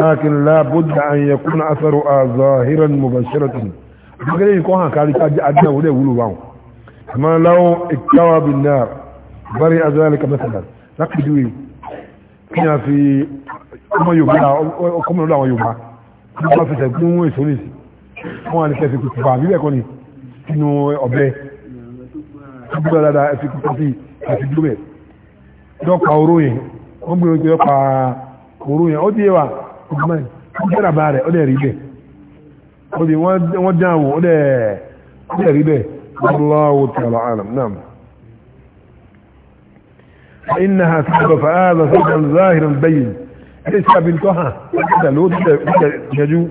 lakin labudda an yakuna asaru a zahiran mubashiratan gẹ́gẹ́ yìí kọ́ hàn kárí kájí adínà wọlé wúlò wa àmọ́ láwọn ìkáwà bí náà bari azalika masalan lápìdúwe kí ni a fi ọmọ yorùbá ọkọ̀ mọ̀ lọ́wọ́ yorùbá kí wọ́n fi tẹ̀kún èso nìsí wọ́n á lè fẹ́ fi kùtù bá àbíbẹ̀ kọ́ ni sínú ọ̀bẹ gbígbà dáadáa ẹ̀fí kùtù sí àti gbígbẹ̀ lọ́pa oró yẹn wọ́n gbé oúnjẹ lọ́pa oró yẹn ó díẹ̀ wà ọgbọ́n gbẹ́rà bá rẹ̀ ó dẹ̀ rí bẹ̀ ó dẹ̀ wọ́n dáwò ó dẹ̀ rí bẹ̀ Allahu ta'ala alam naam فإنها سبب فهذا سبب ظاهرا بين ليس بالكهة هذا لو تجو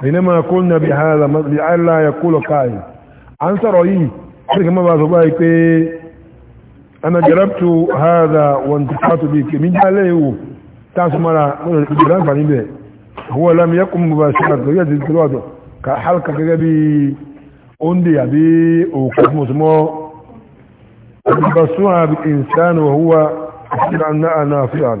حينما قلنا بهذا لئلا يقول قائل عن سرعي كما ما بازبايك انا جربت هذا وانتفعت بك من جاله تاسمرا جران فانيبه هو لم يقم مباشرة يجد الوضع كحلقة كبي اوندي ابي او كمسمو بسوها بالانسان وهو أن أنا نافعا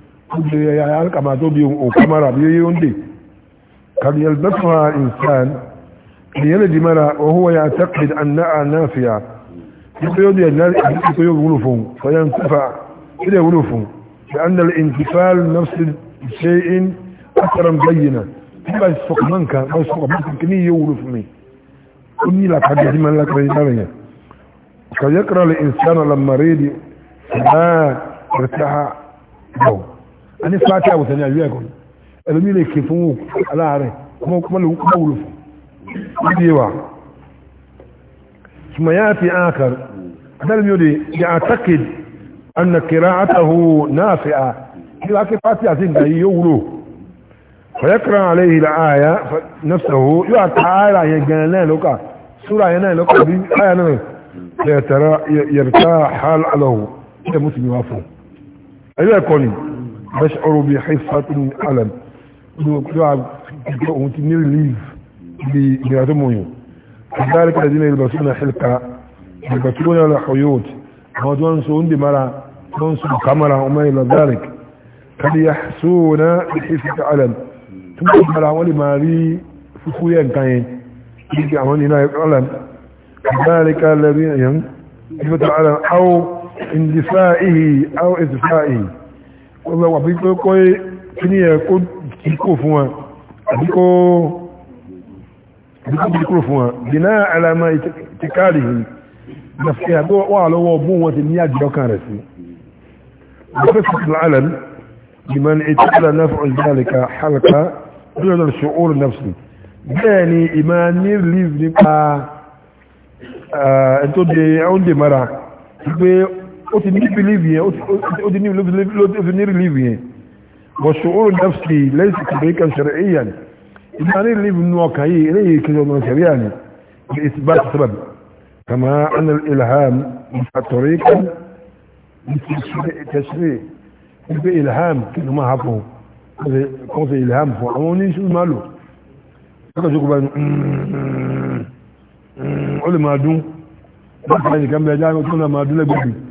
kuje ya alkama to bi o kamara bi yonde kan yalbasuha insan liyalji mara wa يقول فينتفع لأن الانتفال نفس شيء تبقى منك منك كني لك حاجة من لك رجالية كيقرأ الإنسان لما ريدي ما ارتاح له a ní fati àwòtẹ́ ní àyíwẹ̀ kan ẹlòmí lè ké fún òkú aláàárẹ̀ ọmọ wúlò fún ìdí wa ṣùgbọ́n yá ti ákàr adálẹ̀ mi ò lè yà àtàkì anna kira atahu náà fi à kí wá ké fati àti nǹkan yìí yóò wúlò fọ̀yẹ́kìrà àlẹ́yìí la àyà nafsahu yóò àtà àyà yẹn gan náà lókà súra yẹn náà lókà bí àyà náà lè tẹ̀rẹ̀ yẹ̀rẹ̀ tá a hàl àlọ́hu ṣe mú sí mi wá fún ẹ̀yọ́ ẹ̀kọ́ ni بشعر بحصة ألم وتنير كذلك الذين يلبسون حلقة يلبسون على حيوت ودون سون بمرا دون سون كاميرا وما إلى ذلك كان يحسون بحصة ألم ثم مرا ولما لي فخويا كاين يجي عمان هنا ألم كذلك الذين يلبسون أو اندفائه أو إدفائه ọgbẹ́ wà bí kọ́ kíní ẹ̀ kó kúrò fún wọn àbí kó bí kúrò fún wọn dìná alama ìtìkárì yìí nàfẹ́ àbí wà lọ́wọ́ bó wọn ti ní àjọ kan rẹ̀ sí wọ́n fi fi alẹ́ لمن اتقل نفع ذلك حلقة دون الشعور النفسي bẹ́ẹ̀ ni ìmá ní relief nípa ẹ̀tọ́ de ẹ̀ ó ti ní believe yẹn ó ti ní relief yẹn wọ́n ṣòro nafsi lẹ́yìn tí kìbẹ́ kan ṣẹ̀rẹ̀ èèyàn ìgbà ní relief nù ọkàn yìí eléyìí kejì ọmọ ṣẹ̀rẹ̀ yà ni bí ìsìbá ti sábàbí kàmá anal ilham ìfàtọ̀rẹ́ kan ìtẹ̀sílẹ̀ ìgbé ilham kí ló máa ha fún kọ́ sí ilham fún àwọn oníṣẹ́ máa lò lọ́kọ̀ ṣokùnbá mm, mm, mm, ó lè máa dún lọ́kọ̀ ṣokùnbá ó lè máa dún lẹ́gbẹ̀ẹ́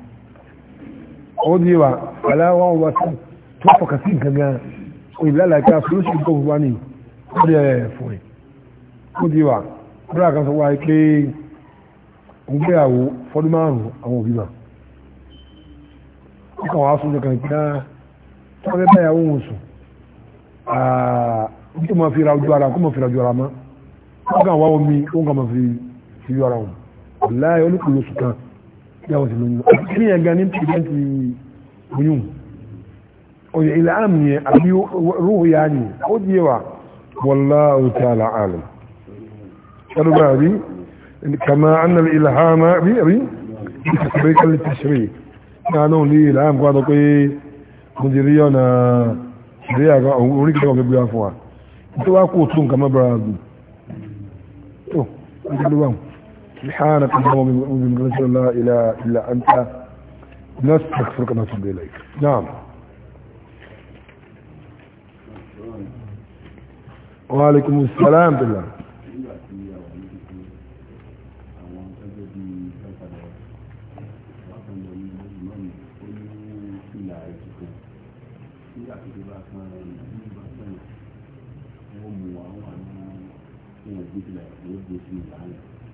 ọdí wa aláwọ̀ wa sí tó fọkà sí gangan ìlàlàkà solúṣì tó wà ní ọdí ẹ̀ fún ẹ̀ ọdí wa bọ́lá kan sọ wá pé ń gbé àwò fọdún márùn-ún àwọn òbí ma ó kàn wá sójú kan kí náà tó fẹ́ báyàwó wọn sùn ní tó máa fi ra ojú ara kó máa fi ra ojú ara mọ́ ó kàn wá omi ó kàn máa fi ojú ara wọn láì olùkùlù sùn kan yàwó sí lóyún kí yẹn gan ní pìrẹ́ntì oyún oyè ilẹ̀ àmì yẹn àbí rúhù yá ni ó di wa wallahu ta'ala alam ṣẹlú bá rí kama annal ilhama rí rí ìtàkùrẹ́ kan ti ṣeré náà náà lè ilẹ̀ àmì kwádọ pé mo ti rí ọ̀nà ìrí àgbà oríkèé ọ̀gẹ́ gbé wa fún oh, wa kó tún kama bára gùn tó ń tẹ́lú سبحانك اللهم وبحمدك لا اله الا انت نستغفرك ونتوب اليك نعم وعليكم السلام بالله Thank you.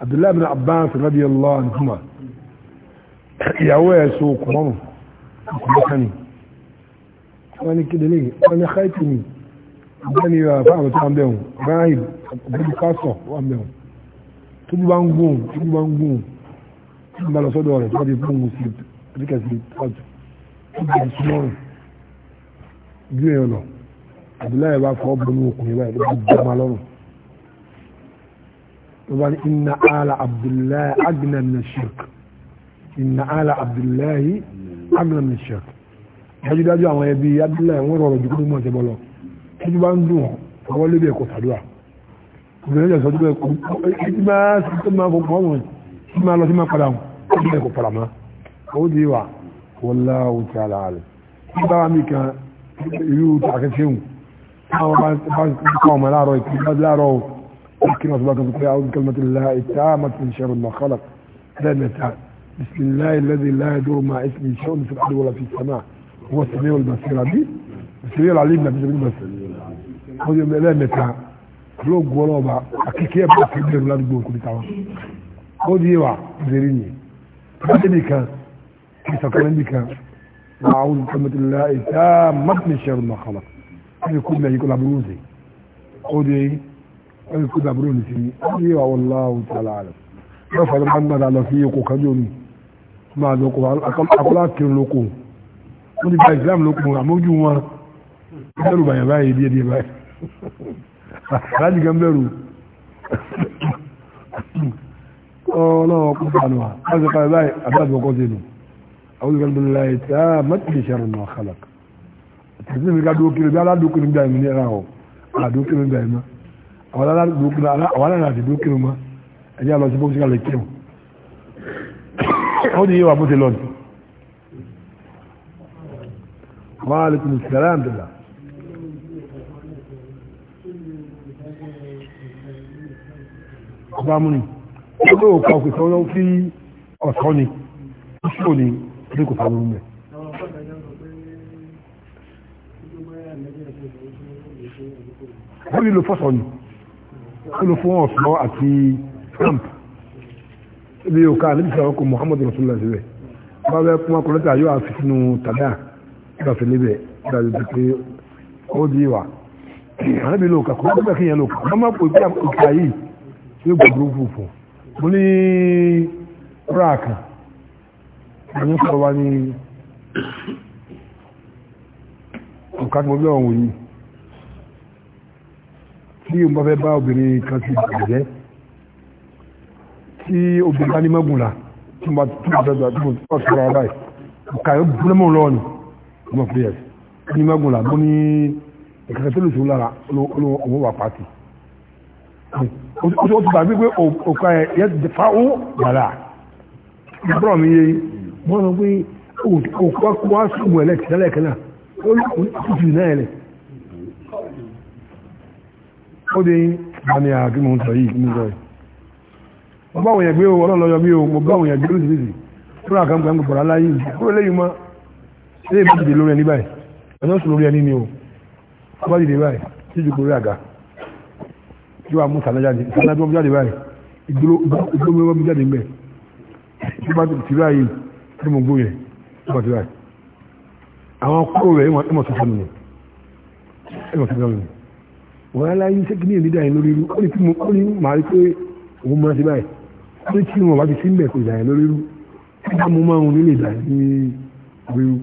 abdullahi bin abbas radiyallahu anhuma ìyàwó ẹ̀ so kùmọ́mù kùmọ́kánì wọ́n ní kéde lè wọ́n ní haiti ni ọgbẹ́ni fáwọn tó wà mẹ́wọ̀n rahib ọgbẹ́ni kásọ̀ wà mẹ́wọ̀n tó bí bá ń gùn tó bí bá ń gùn tó bí bá lọ sọ́dọ̀ rẹ̀ tó bí fún un sí ríkẹ̀sì tọ́jú tó bí i súnmọ́rùn ju èèyàn lọ abdullahi bá fọ́ bọ́nú okùnrin báyìí wọ́n ní inna ala abdullahi agna min shirk inna ala abdullahi agna min shirk dájúdájú àwọn ẹbí abdullahi wọ́n rọrọ̀ jù kúrò mọ́ ọ̀tẹ́ bọ́lọ́ títí bá ń dùn ọwọ́ lébi ẹ̀kọ́ sàdúrà obìnrin yẹn sọdún ẹ̀kọ́ títí bá tó máa fọ pọ́ọ̀mù tí máa lọ sí máa padà wọn títí ẹ̀kọ́ padà mọ́ ó di wà wallahu ta'ala alim tí bá wà kan ìlú tàkẹ́sẹ́hùn táwọn bá kọ́ ọmọ láàárọ̀ ìpínlẹ̀ láàárọ̀ لكن أصبحت تقول أعوذ بكلمة الله التامة من شر ما خلق ثانيتان بسم الله الذي لا يدور مع اسمه شيء في الأرض ولا في السماء هو السميع البصير عبيد السميع العليم نبي جميل بس خذ يوم الاله متاع لو ولوبا بقى كيف أبقى في الدير لا تقول كل تعوان خذ يوع زيريني بعد بك يسكن بك وأعوذ بكلمة الله تامة من شر ما خلق يكون يقول أبو روزي خذ ẹni kó dàbúrò ní sí ní wallahu ta'ala alam wọ́n fọ́n máa ń gbàdá lọ sí oko kájọ mi máa lọ kó akọ́lá kiri lóko wọ́n ti gba ìsìlámù lóko àmójú wọn bẹ́rù bàyà báyìí díẹ̀ díẹ̀ báyìí aláàjì kan bẹ̀rù ọlọ́wọ́ kó sànù wa wọ́n ti pàrọ̀ báyìí àbájọ ọkọ̀ sí nù àwọn ìgbà tó láyé tí a mẹ́tìlì sẹ́rù náà kálak tẹ̀sí mi ká dókè àwọn alára àti dúkìrì wọn ẹjẹ́ àlọ́ sí bókítà lè kírun ó ní yíwa bó ti lọ ní wọ́n á lè kùn sílẹ̀ àǹdàlà ọba múni ó lè òkà òkè tó lọ sí ọ̀sán ni ó sì ò ní ilé kò sáré mẹ́ wọ́n lè fọ́sọ̀ ni olùfún ọ̀fọ́ àti trump ibi yóò ká níbi sọ̀rọ̀ kò muhammadu rasulullah síbẹ̀ bá bẹ́ẹ̀ kún akọ̀lẹ́ta yóò àfi sínú tàbíà nígbà fi lébẹ̀ nígbà fi pé ó di wà àníbi ló kà kó nígbà kí yẹn ló kà máa pò ìpínlẹ̀ òkè ayé yóò gbà burúkú fò mo ní ráàkà àwọn sọ̀rọ̀ wa ní ọ̀kadùn ọ̀bí ọ̀hún yìí tí o bá fẹ́ bá obìnrin kan sí ìjẹ́ tí obìnrin bá ní mọ́gùnlá tí wọ́n tún bá fẹ́ tó tọ́ sọ́ra ọ̀la yìí ọ̀ka yóò bú lẹ́mọ̀ lọ́wọ́ ni ọmọ players ní mọ́gùnlá bó ní ìkàkẹ́ tó lè sọ lára olówó wà pàtì ó ti gbàgbé pé ọ̀ka yẹ ti fa ó bàlá ìbúrọ̀ mi yé wọ́n sọ pé òkú wá sùnmù ẹ̀lẹ́kẹ̀ẹ́lẹ́kẹ̀ẹ́ náà ó lókun ìtìjú náà ẹ̀lẹ́kẹ̀ẹ́ ó dé bani àti mò ń sọ yìí ní sọ́yì mo bá òyìnbó o ọlọ́run lọ́yọ mí o mo bá òyìnbó lóṣìṣì kúrò àkàǹkà ń gbọ̀rọ̀ aláyé yìí kúrò lẹ́yìn mọ́ ilé ìbí dìde lórí ẹni báyìí ẹ̀nà sùn lórí ẹni ni o ó bá dìde báyìí tí ju kúrò àga tí wàá mú sàlájáde sàlájáde wọn jáde báyìí ìgbóló ìgbóló wọn jáde ń bẹ̀ tí wọ́n ti báyìí tí mo gbóyè tí wọ́n ti báyìí àwọn kúrò rẹ̀ ẹ̀mọ̀ tuntun nù ẹ̀mọ̀ tuntun nù wọ́n aláyé iṣẹ́ kìíní èmi dàní lórí irú ó ní tí mo kọ́ ní màá rí pé òun máa ṣe báyìí ó ní tí wọn bá fi sí mbẹ̀ kò lórí irú nígbà mo máa ń nílé dàní ní orí irú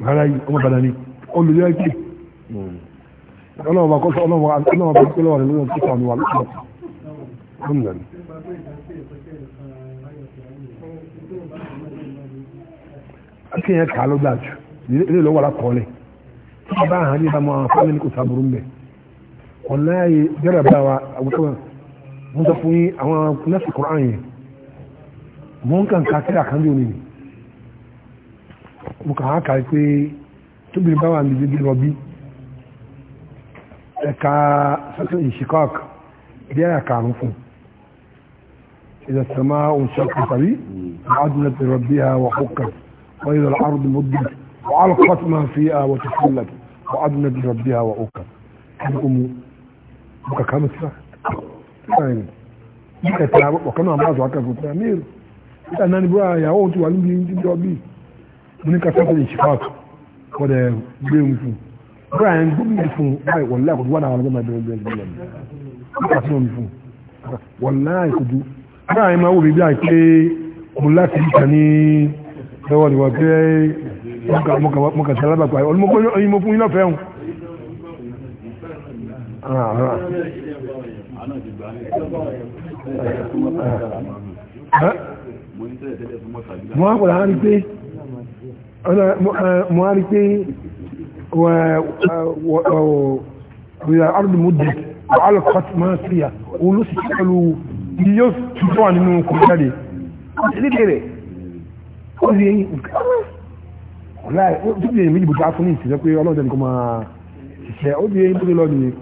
wọ́n aláyé ọmọ padà ní olùdó ẹ̀kẹ́ ọlọ́wọ́ bá kọ́ sọ ọlọ́wọ́ ọlọ́wọ́ bá kọ́ lọ́wọ́ rẹ̀ lọ́wọ́ tó sàmì wà lọ́wọ́ akéèyàn kà ló gbà jù ilé ìlú wà wallahi jarabawa a musamman mun ta fi àwọn nasi ƙoran yìí mun kan kakira kan jò ne muka haka pé tóbi bá wà níbi bí rọbí ẹ̀ka sassan ishikak bí ẹ̀yà karùn fún إذا السماء انشقت بي عدلت ربها وحكت وإذا الأرض مدت وعلقت ما فيها وتسلت وعدلت ربها وأكت mo kàkà mi síra mo kẹta ọ̀kan náà bá zọ akẹ́kọ̀ọ́ tó yà mí èrò nígbà náà ni bóyá ìyàwó ti wà níbi tí jọ bí mo ní kásán fún ìṣìfàtò wọ́n dẹ̀ gbé mi fún bóyá yẹn gbómi mi fún báyìí wọ́n láì kojú wà náà wọ́n lọ́mọ ẹgbẹ́ ẹgbẹ́ ẹgbẹ́ ẹgbẹ́ wọ́n láì kojú bóyá yẹn máa wò mí bí i pé mo láti ìkà ní lọ́wọ́ ni wọ́n pé mo kà sálábà pa ọ̀nà mo fún yín lọ́fẹ̀ẹ́ wọ́n kò rárí pé mo rárí pé wọ́n arúgbìn mú dẹ̀ alùkọ́tí máa síyà olóṣìṣẹ́ pẹ̀lú yíó tó wà nínú kòjáde lédè rẹ̀ ó rí ẹyìn nǹkan ọ̀la ẹ̀ ó tún lè méjì bùtá fún ní ìsìnkú ọlọ́dẹ̀ nǹkan máa ṣiṣẹ́ ó rí ẹyìn tó lọ́dún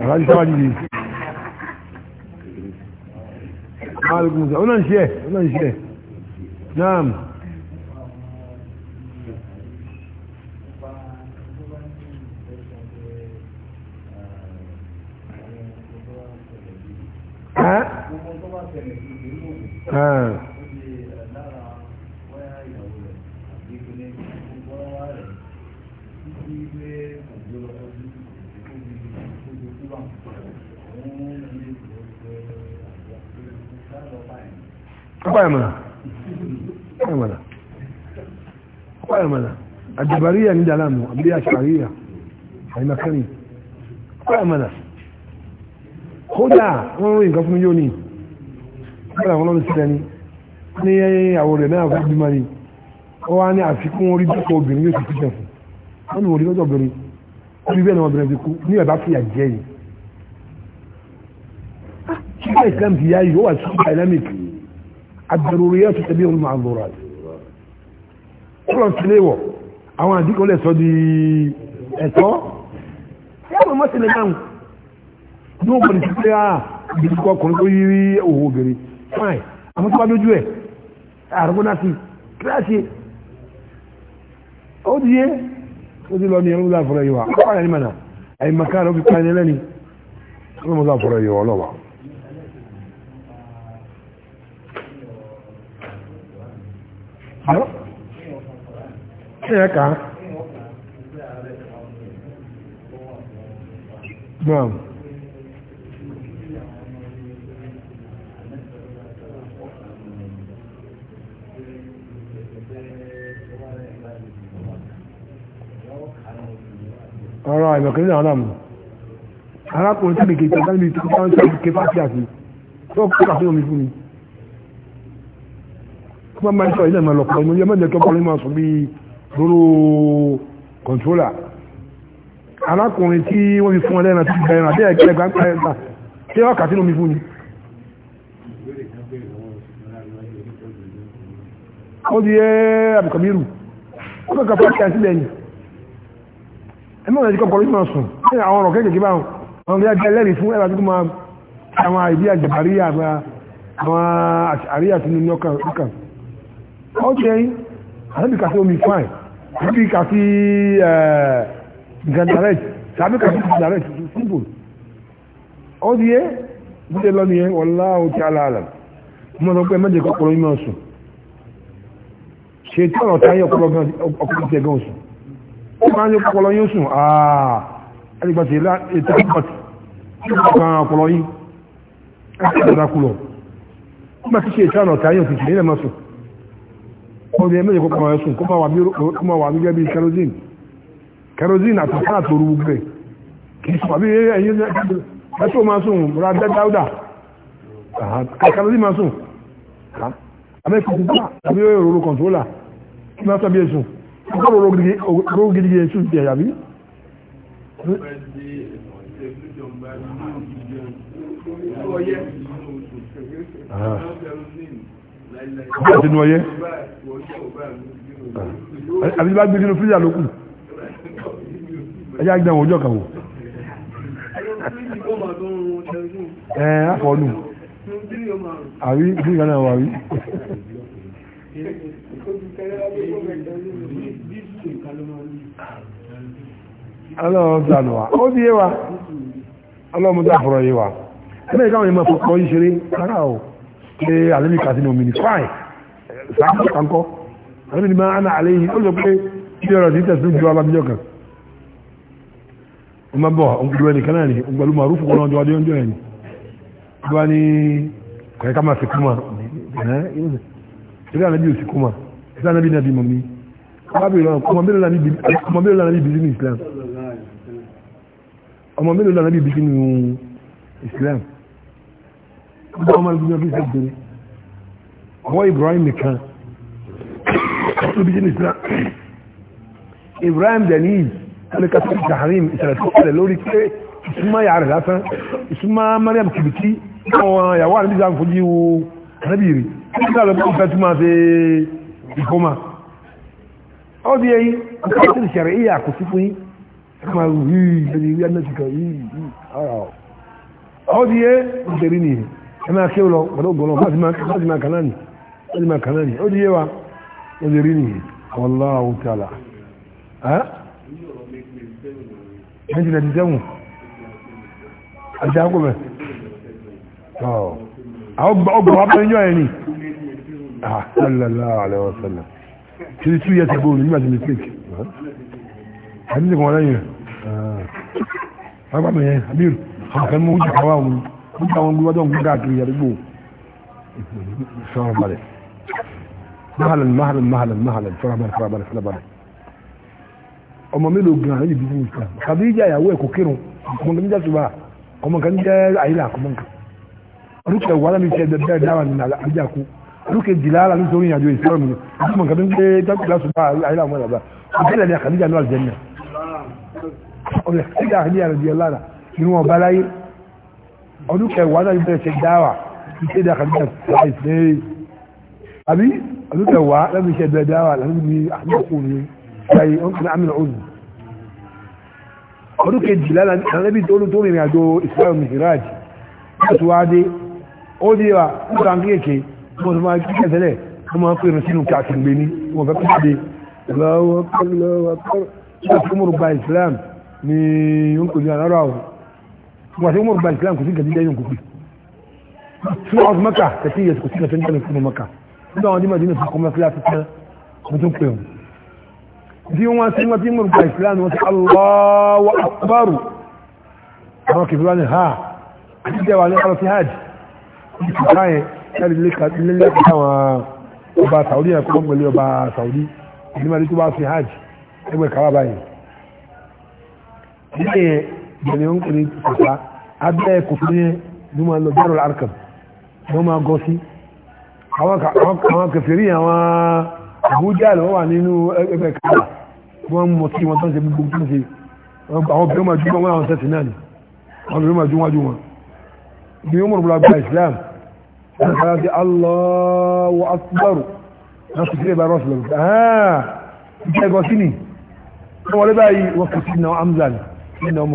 aláàjì sábà jìjì maaleykum ọ̀nà ìṣe ọ̀nà ìṣe naam. Ah. kwaya mana kwaya mana kwaya mana a jabariya ni da lamu a biya shari'a a yi makari kwaya mana kódà wọ́n rí nǹkan fún yóò ní kódà wọ́n lọ́nà sílẹ̀ ní ní àwọn rẹ̀ náà fún bímọ ni ó wá ní àfikún orí dọ́kọ̀ obìnrin yóò ti fi jẹun wọ́n ní orí lọ́jọ́ obìnrin orí bẹ́ẹ̀ náà obìnrin ti kú ní ẹ̀bá fìyà jẹ́ yìí. ṣíkà ìsìlámù ti yá yìí ó wà sí الضروريات تبيع المعذورات ọlọ́run ti léwọ̀ àwọn àdíkọ́ lẹ́sọ́ di ẹ̀tọ́ yàwó mọ́sílẹ̀ náà ní òbòrì tí pé àà ìdíkọ́ ọkùnrin tó yí òhò obìnrin fine àmọ́ tó bá lójú ẹ̀ àrùn náà ti kíláàsì ó di yé ó di lọ ní ẹrú láàfọ̀rọ̀ yìí wà ó wà ní mọ̀nà àyè màkà rẹ̀ ó fi pa ẹni lẹ́ni ó lọ́mọ láàfọ̀rọ̀ yìí wà ọlọ́wàá ṣe é kà á. Naam. ọ̀rọ̀ àìmọ̀kìrí náà náà mú arákùnrin tàbí kejì ọ̀gá níbi tó àti tó kọ́ àfihàn fún mi wọ́n máa ń sọ ilé ìmọ̀ lọ́pọ̀ ọmọ yẹn mẹ́jẹ̀ tọ́pọ̀ lórí máa sọ bí lóró kọ̀ǹtólà arákùnrin tí wọ́n fi fún ẹlẹ́ran tí gbẹ̀rẹ̀ àti ẹ̀kẹ́ gbàgbà ẹ̀ta tí wọ́n kà sínú mi fún ni. ó di ẹ́ àbùkàmírù ó fẹ́ kàfọ́ ṣe àṣìlẹ̀ ni ẹ̀mọ́ ìrìn kọ́kọ́ lórí máa sùn ní àwọn ọ̀rọ̀ kéékèèké bá wọn àwọn ọ̀rẹ́ ajá ẹlẹ́rìí fún ẹ̀rọ àti àwọn àìdí àjàbárí àwọn àríyá sínú ní ọkàn ọjẹ́ yìí àbí kàfi omi fine àbí kàfi eh, gandaret àbí kàfi gandaret simple ọdí yẹ gbígbé lọ́nà yẹn wallahu ta'ala alam mo sọ pé mẹ́jẹ̀ kọ́kọ́rọ́ yìí máa sùn ṣe tí ọ̀nà táyé ọkùnrin tẹ̀ gan sùn ó máa ń yẹ kọ́kọ́rọ́ yìí sùn àà ah, ẹ̀dìgbà tí ètò ìpàtì tí ó kàn ọ̀pọ̀lọ́ yìí ẹ̀dìgbà kúlọ̀ ó máa ti ṣe ìtàn ọ̀tá yìí òkìkì nílẹ̀ máa sùn ọdún ẹ̀mẹ́jẹ kó kọmọ ẹ̀sùn kó máa wà gẹ́gẹ́ bí kerosene kerosene àtàkà àtòrò gbogbo kìí sọ àbí ẹ̀yìn ẹ̀sùn máa sùn ra dáúdà kerosene máa sùn amẹ́kọ̀ọ́kọ́ àbí òróró kọ̀ntólà kí máa sọ́bí ẹ̀sùn kọ́kọ́ òróró gidigidi ẹ̀sùn ti ẹ̀yà bí. Ah. bí àti nu àti bá gbé sínú fíjà ló kù ẹjá gbẹ̀wọ̀n ọjọ́ kan wò ẹ àfọ̀nù àrí ìdí ìgbà náà wà rí ó di yé wa yé wa ìkáwọn ṣeré o. pé àlẹ́bí kàtí ní omi ní fine sáàmù kankọ́ àlẹ́bí ni máa ń àlẹ́ yìí ó lọ pé bí ọ̀rọ̀ títẹ̀ sí ju alábíjọ́ kan ó máa bọ̀ ọ̀gbọ̀dọ̀ ẹni kan náà ni ọgbọ̀lú màrú fún ọlọ́jọ́ adé ọjọ́ ẹni bí wá ní kọ̀ẹ́ ká máa fi kúmà ṣẹlẹ̀ àlẹ́bí ò sì kúmà ṣẹlẹ̀ àlẹ́bí náà bí mọ̀ mi wá bèèrè ọmọ mélòó lànà bí bìí ní Islam ọmọ mélòó lànà bí bìí ní Islam ọmọ ọmọ ìgbìyànjú kí ṣe gbèrè ọwọ́ Ibrahim nìkan ló bí jẹ́ nìkan Ibrahim dẹ̀ní alikasa jaharim ìṣẹ̀lẹ̀ tó ṣẹlẹ̀ lórí pé ìsúnmọ́ ìyá rẹ̀ lásán ìsúnmọ́ Mariam kìbìtì àwọn ìyàwó àti ìjà ń fojú wo ànábìrì nígbà lọ́pọ̀ ìfẹ́ tó máa ṣe ìfọ́mà ó di ẹyin nǹkan tó ti ṣẹ̀rẹ̀ ìyà kò sí fún yín ẹ máa rú yìí ẹni ìwé ẹni ẹ̀sìn kan yìí ọ̀rọ̀ ó di ẹ ìṣẹ̀rí nìyẹn ẹ máa kéwòn lọ pẹ̀lú ògbọ́n lọ láti máa kànáà nì láti máa kànáà nì ó di yé wa ó di rí nìyí wallahu ta'ala ẹ́ ẹ́ ti lẹ́ti sẹ́wọ̀n àti àkọ́bẹ̀ ọgbọ̀n wa pẹ̀lú yọ́ ẹ̀ ni ah, sallallahu alaihi wasallam tí tí yẹ ti gbóòrùn nígbàtí mistake àti ìsìnkú wọn lẹ́yìn rẹ̀ ah. wọ́n pàmì yẹn abiru àwọn akẹ́mú ojú àwọn àwọn nígbà wọn gbé wọ́dọ̀ ń gbé káàkiri yàrúgbò sọ́rọ̀ balẹ̀ mahalan mahalan mahalan mahalan sọ́rọ̀ balẹ̀ sọ́rọ̀ balẹ̀ sọ́rọ̀ balẹ̀ ọmọ mélòó gan àwọn ibi fún ìsìlá kàdíjà ìyàwó ẹ̀kọ́ kírun ọmọ kan jẹ́ ṣùgbà ọmọ kan jẹ́ àyílà ọmọ kan orúkẹ wàhálà mi ṣe bẹ́ẹ̀ dáwà nínú àjà kú orúkẹ jìlá ara nítorí ìrìnàjò ìsìlá mi ọmọ kan tó jákèjá ṣùgbà àyílà ọmọ ìlàbà ọdún kẹwàá náà bẹ̀rẹ̀ ṣe dáwà iṣẹ́ ìdá kàdúrà láìs ní àbí ọdún kẹwàá lẹ́nu iṣẹ́ ìbẹ̀rẹ̀ dáwà lẹ́nu ní àmọ́kù ní ṣayé ó ń kìí àmì òòlù ọdún kejìlá lẹ́bí tó ń tó rìnrìn àjò Israel mihraj wọ́n ti wá dé ó dé wa ó kàn kéèké wọ́n ti máa kí kẹsẹ̀lẹ̀ wọ́n máa pè sínú kàkì gbé ní wọ́n fẹ́ pàdé lọ́wọ́ kọ́ lọ́wọ́ kọ́ wàtí umar ba islam kò sí nǹkan dídá yín kò pè sí ọ̀s maka tẹ̀sí yẹn kò sí nǹkan dídá yín kò maka nígbà wọn dímọ̀ dímọ̀ kọ́ mọ́sílá ti tẹ́ mo tún pè wọn. bí umar ba islam wọn sí akbaru àwọn kìfì wọn ni ha àti jẹ́ wa ní alọ́ sí hajj ní kìkà yẹn láti lé saudi yẹn kọ́ pẹ̀lú ọba saudi ìdí máa ní tó bá sí hajj ẹgbẹ́ bẹ̀rẹ̀ ń kiri kòtà abẹ́ kòtò yẹn ló máa lọ bẹ́rù arkam ló máa gọ́ sí àwọn kẹfẹ́rí àwọn àbújá ló wà nínú ẹgbẹ́ kàlà wọ́n mọ̀ sí wọn tó ń ṣe gbogbo tó ń ṣe àwọn obìnrin máa júmọ́ wọn àwọn sẹ́sì náà ni àwọn obìnrin máa júmọ́ júmọ́ bí wọ́n mọ̀rọ̀ gba Islam wọ́n sára sí Allahu Akbar náà sì sílẹ̀ bá rọ́ọ̀sì lọ́wọ́ ah ìjẹ́ ẹ̀gọ́ ni wọ́n wọlé báyìí wọ́n kò sí náà amzan sí náà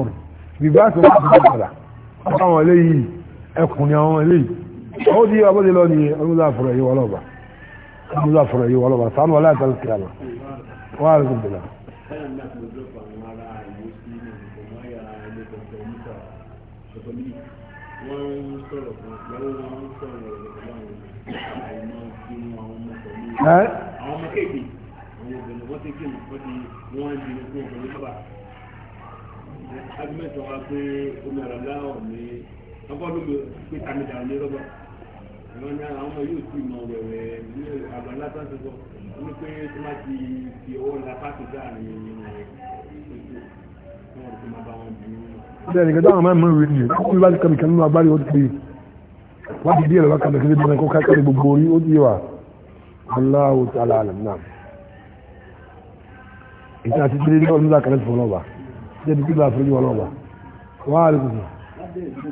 rìvásì wà fún ìpàdà àtàwọn eléyìí ẹkùnrin àwọn eléyìí ó di abọ́dé lọ ní ọmọdáfọ̀rọ̀ yìí wọlọ́ba ọmọdáfọ̀rọ̀ yìí wọlọ́ba sanu aláìsàn kìlámà wà á rẹ̀kùn bìlà. àwọn ọmọ kéèké àwọn obìnrin wọ́n ti agbẹ́tọ̀ wa pé omi ọ̀rọ̀ láwọ̀ ní ọgọ́dún pé tamida ní rọ́bà ìwọ ni àwọn ọmọ yóò ti mọ wẹ̀wẹ̀ ní àgbà lásán ti sọ wọn pé tí wọ́n ti fi owó ńlá pàtó sáàrin bẹ́ẹ̀ni gẹ́gẹ́ àwọn mẹ́rin mẹ́rin rèé kí wọ́n ti kọ́ nìkan nínú agbárí ó ti pè é wọ́n ti díẹ̀ lọ́kàn lọ́kàn lọ́kàn lọ́kàn kó káàkiri gbogbo orí ó ti yẹ wa aláwọ̀ tí aláàlẹ̀ náà ìtàn àti tí ó ń lọ́kàn lọ́kàn lọ́kàn débi tí bá fojú ọlọ́wà wọ́n á rí kùkù.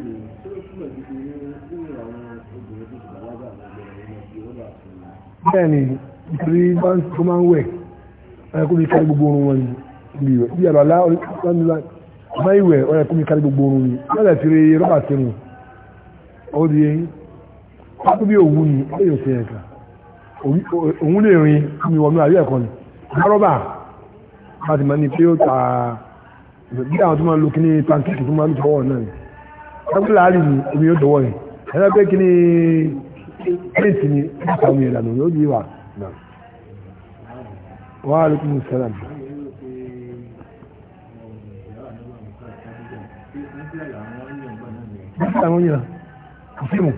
bẹ́ẹ̀ni nítorí báńkì tó máa ń wẹ̀ ọ̀yẹ́ kó mi kárí gbogbo orun wọn ni bí ẹ̀rọ alá ọ̀lá máa ń wẹ̀ ọ̀yẹ́ kó mi kárí gbogbo orun ni wọ́n lè fi rọ́bà tẹnu ọ̀hún di yẹn pápá bí òwú ni ọ̀yẹ́ òsè ẹ̀ka òun lè rin mi wọ̀nú àríyẹ̀kọ́ ni rọ́bà láti máa ní pé ó ta bí àwọn tó máa lo kíní pancake tó máa ń tọwọ́ náà ni ẹgbẹ́ láàrin ni omi yóò dọwọ́ yẹn ẹgbẹ́ pé kíní pẹ́ǹtì ni ẹgbẹ́ àwọn ìlànà yóò di wà náà wà á lè kún sẹ́lá mi. bí àwọn yẹn kò sí mu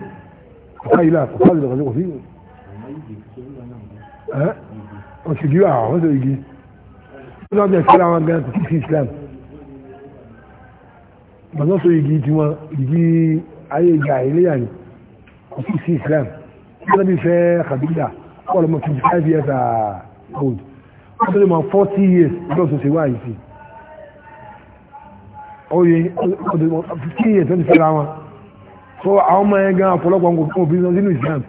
kò sáyé la kò sáyé la kò sí mu. ọ̀sẹ̀ yìí àwọn ọ̀sẹ̀ yìí. ó lọ́ọ́ bẹ̀ síra wọn gan-an kò sí Islam bàbá so igi tiwọn igi ayé ìgbà iléyà ni kò sí sí islam nígbà bí fẹ́ kàbílà wọ́n lọ́mọ 25 years old wọ́n tó lè mọ 40 years lọ́wọ́ tó ṣe wá yìí sí oye 15 years wọ́n ti fẹ́ra wọn so àwọn ọmọ yẹn gan ọ̀pọ̀lọpọ̀ nǹkan fún obìnrin nínú islam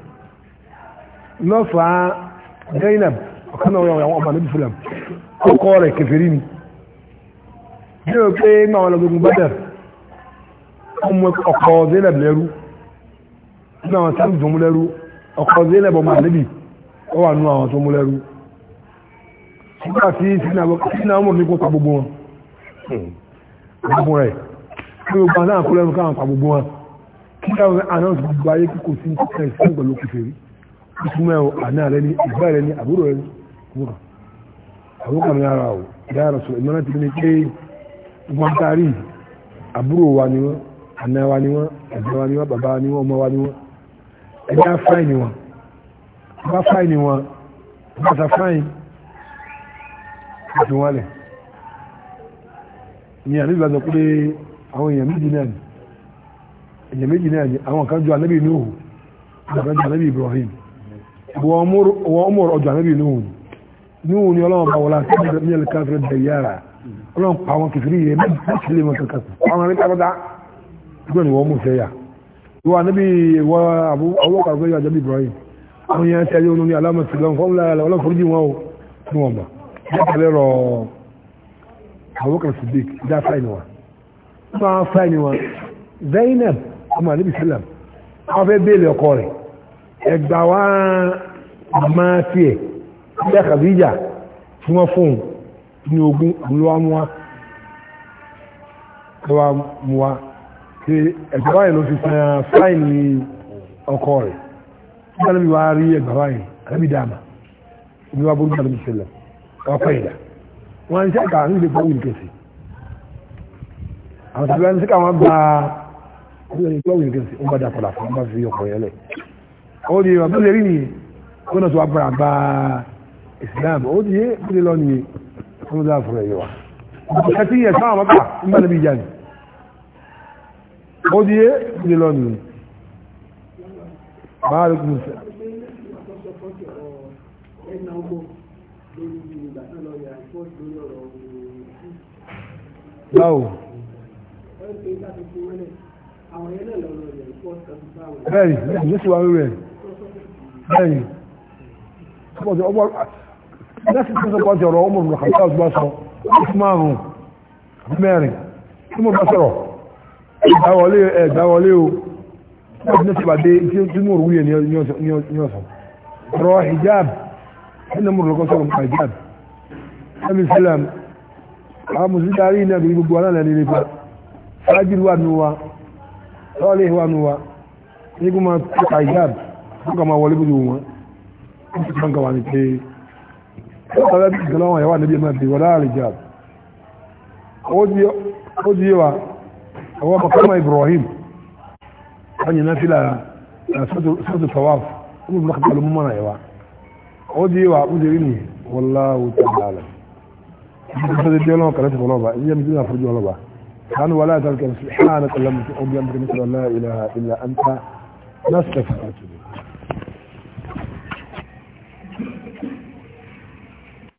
lọ́fàá Zainab ọ̀kan náà wọ́n ọmọ níbi fúlàm ọkọ rẹ̀ kèfèrí ni bí o pé máa wọn lọ gbogbo bá dẹ̀rẹ̀ ọmọ ọkọ̀ Zainab lẹ́rú nínú àwọn sáàmù tó mú lẹ́rú ọkọ̀ Zainab ọmọ àlébì ó wà nínú àwọn tó mú lẹ́rú nígbà tí sínú àwọn ní kó pa gbogbo wọn gbogbo rẹ̀ kí gbogbo àwọn kó lẹ́rú káwọn pa gbogbo wọn kí káwọn announce gbogbo ayé kíkò sí ìkọ̀kọ̀ ìsìn pẹ̀lú kìfèrí ìsúnmọ́ ẹ̀ àná rẹ̀ ní ìgbà rẹ̀ ní àbúrò rẹ̀ ní àbúrò àbúkà ní ara ò dára sọ ìmọ̀lá ti ní pé gbọ́n tàrí àbúrò wa ni wọ́n àna wa ni wọ́n ẹ̀gbọ́n wa ni wọ́n bàbá wa ni wọ́n ọmọ wa ni wọ́n ẹ̀jẹ̀ á fáìnì wọn bá fáìnì wọn bá ta fáìnì ìfún wọn lẹ̀ ní àníbi àti ọkùnrin àwọn èèyàn méjì náà ni èèyàn méjì náà ni àwọn kan jọ ànábì Nuhu àwọn kan jọ ànábì Ibrahim wọ́n mú ọjọ́ ànábì Nuhu Nuhu ni ọlọ́run bá wọlé àti ẹ̀jẹ̀ ní ẹ̀lẹ́kà fẹ́ẹ́ dẹ̀ yára ọlọ́run pa àwọn kìfìrí yẹn méjì láti lè mọ̀ kankan àwọn àríkà bá dáa gbọ́n ni wọ́n mú fẹ́ yà wọ́n anábì wọ́ àwọ́kà fẹ́ yà jẹ́bi Ibrahim àwọn yẹn tẹ́ yóò ní alámọ̀sí lọ́n fọ́n lára ọlọ́n forí wọn o ní wọn mọ̀ jẹ́kẹ̀lẹ́ rọ àwọ́kà Siddiq dá fáìn wa máa fáìn wa Zainab ọmọ anábì sílẹ̀m wọ́n fẹ́ bẹ́ẹ̀lì ọkọ rẹ̀ ẹgbà wá máa tiẹ̀ ilé Khadija tí wọ́n fún ní ogún ló wá mú wa ṣe ẹ̀gbà báyìí ló fi san fáìní ọkọ rẹ̀ tí wọ́n bí wá rí ẹ̀gbà báyìí àbí dáàmà ní wá burúkú àbí ṣẹlẹ̀ ọkọ̀ ìdá wọ́n ń ṣẹ́ka ń gbé fọwọ́ ìkẹsì àwọn tàbí wọ́n ń ṣẹ́ka wọ́n gba fọwọ́ ìkẹsì wọ́n bá dà padà fún bá fi ọkọ̀ yẹn lẹ̀ ó di ọ̀bí lè rí nìyí kó náà tó wá bá bá ìsìlámù ó di yé kó lè lọ nìyí kó lè lọ fún ẹ̀yẹ wa. ọ̀kẹ́ tí yẹ sáwọn mọ́ta ń bá níbi ìjà ó di yé ní lọ́nà máa rí kùn sí. báwo. bẹ́ẹ̀ni ní sí wa rẹ̀ bẹ́ẹ̀ni lẹ́sìn tó sọ pọ́jọ̀rọ̀ ọmọ ìrùkàtà ọgbọ́sọ márùn-ún mẹ́rin tí mo bá sọ̀rọ̀ ìgbàwọlé ẹ̀gbàwọlé o wọ́n ti ní sàbàdé tí mò ń wúyẹ̀ ní ọ̀sán rọ hijab ẹ̀nà mò ń lọ́kọ́ sọ̀rọ̀ nípa hijab ẹ̀mí sílẹ̀m àwọn mùsùlùmí darí iná ìgbìyànjú gbogbo aláàlá ní nípa fájìlì wà nù wa lọ́ọ̀lẹ́ wà nù wa ní kó máa tọ́ka hijab kó kà máa wọlé bójú wọn ó ti kàn kà ní pé ọ̀sán ẹ̀gbẹ̀rún àwọn ẹ̀wà níbi ẹ̀mọ́ هو مقام إبراهيم أني نافلة سد الطواف أمي بلقب على ممنا يوا أودي وأوديني والله تعالى هذا الديالوج كانت غلبة هي مدينة فرج غلبة كان ولا تلك سبحانك لم تقم بأمرك مثل لا إله إلا أنت نستغفرك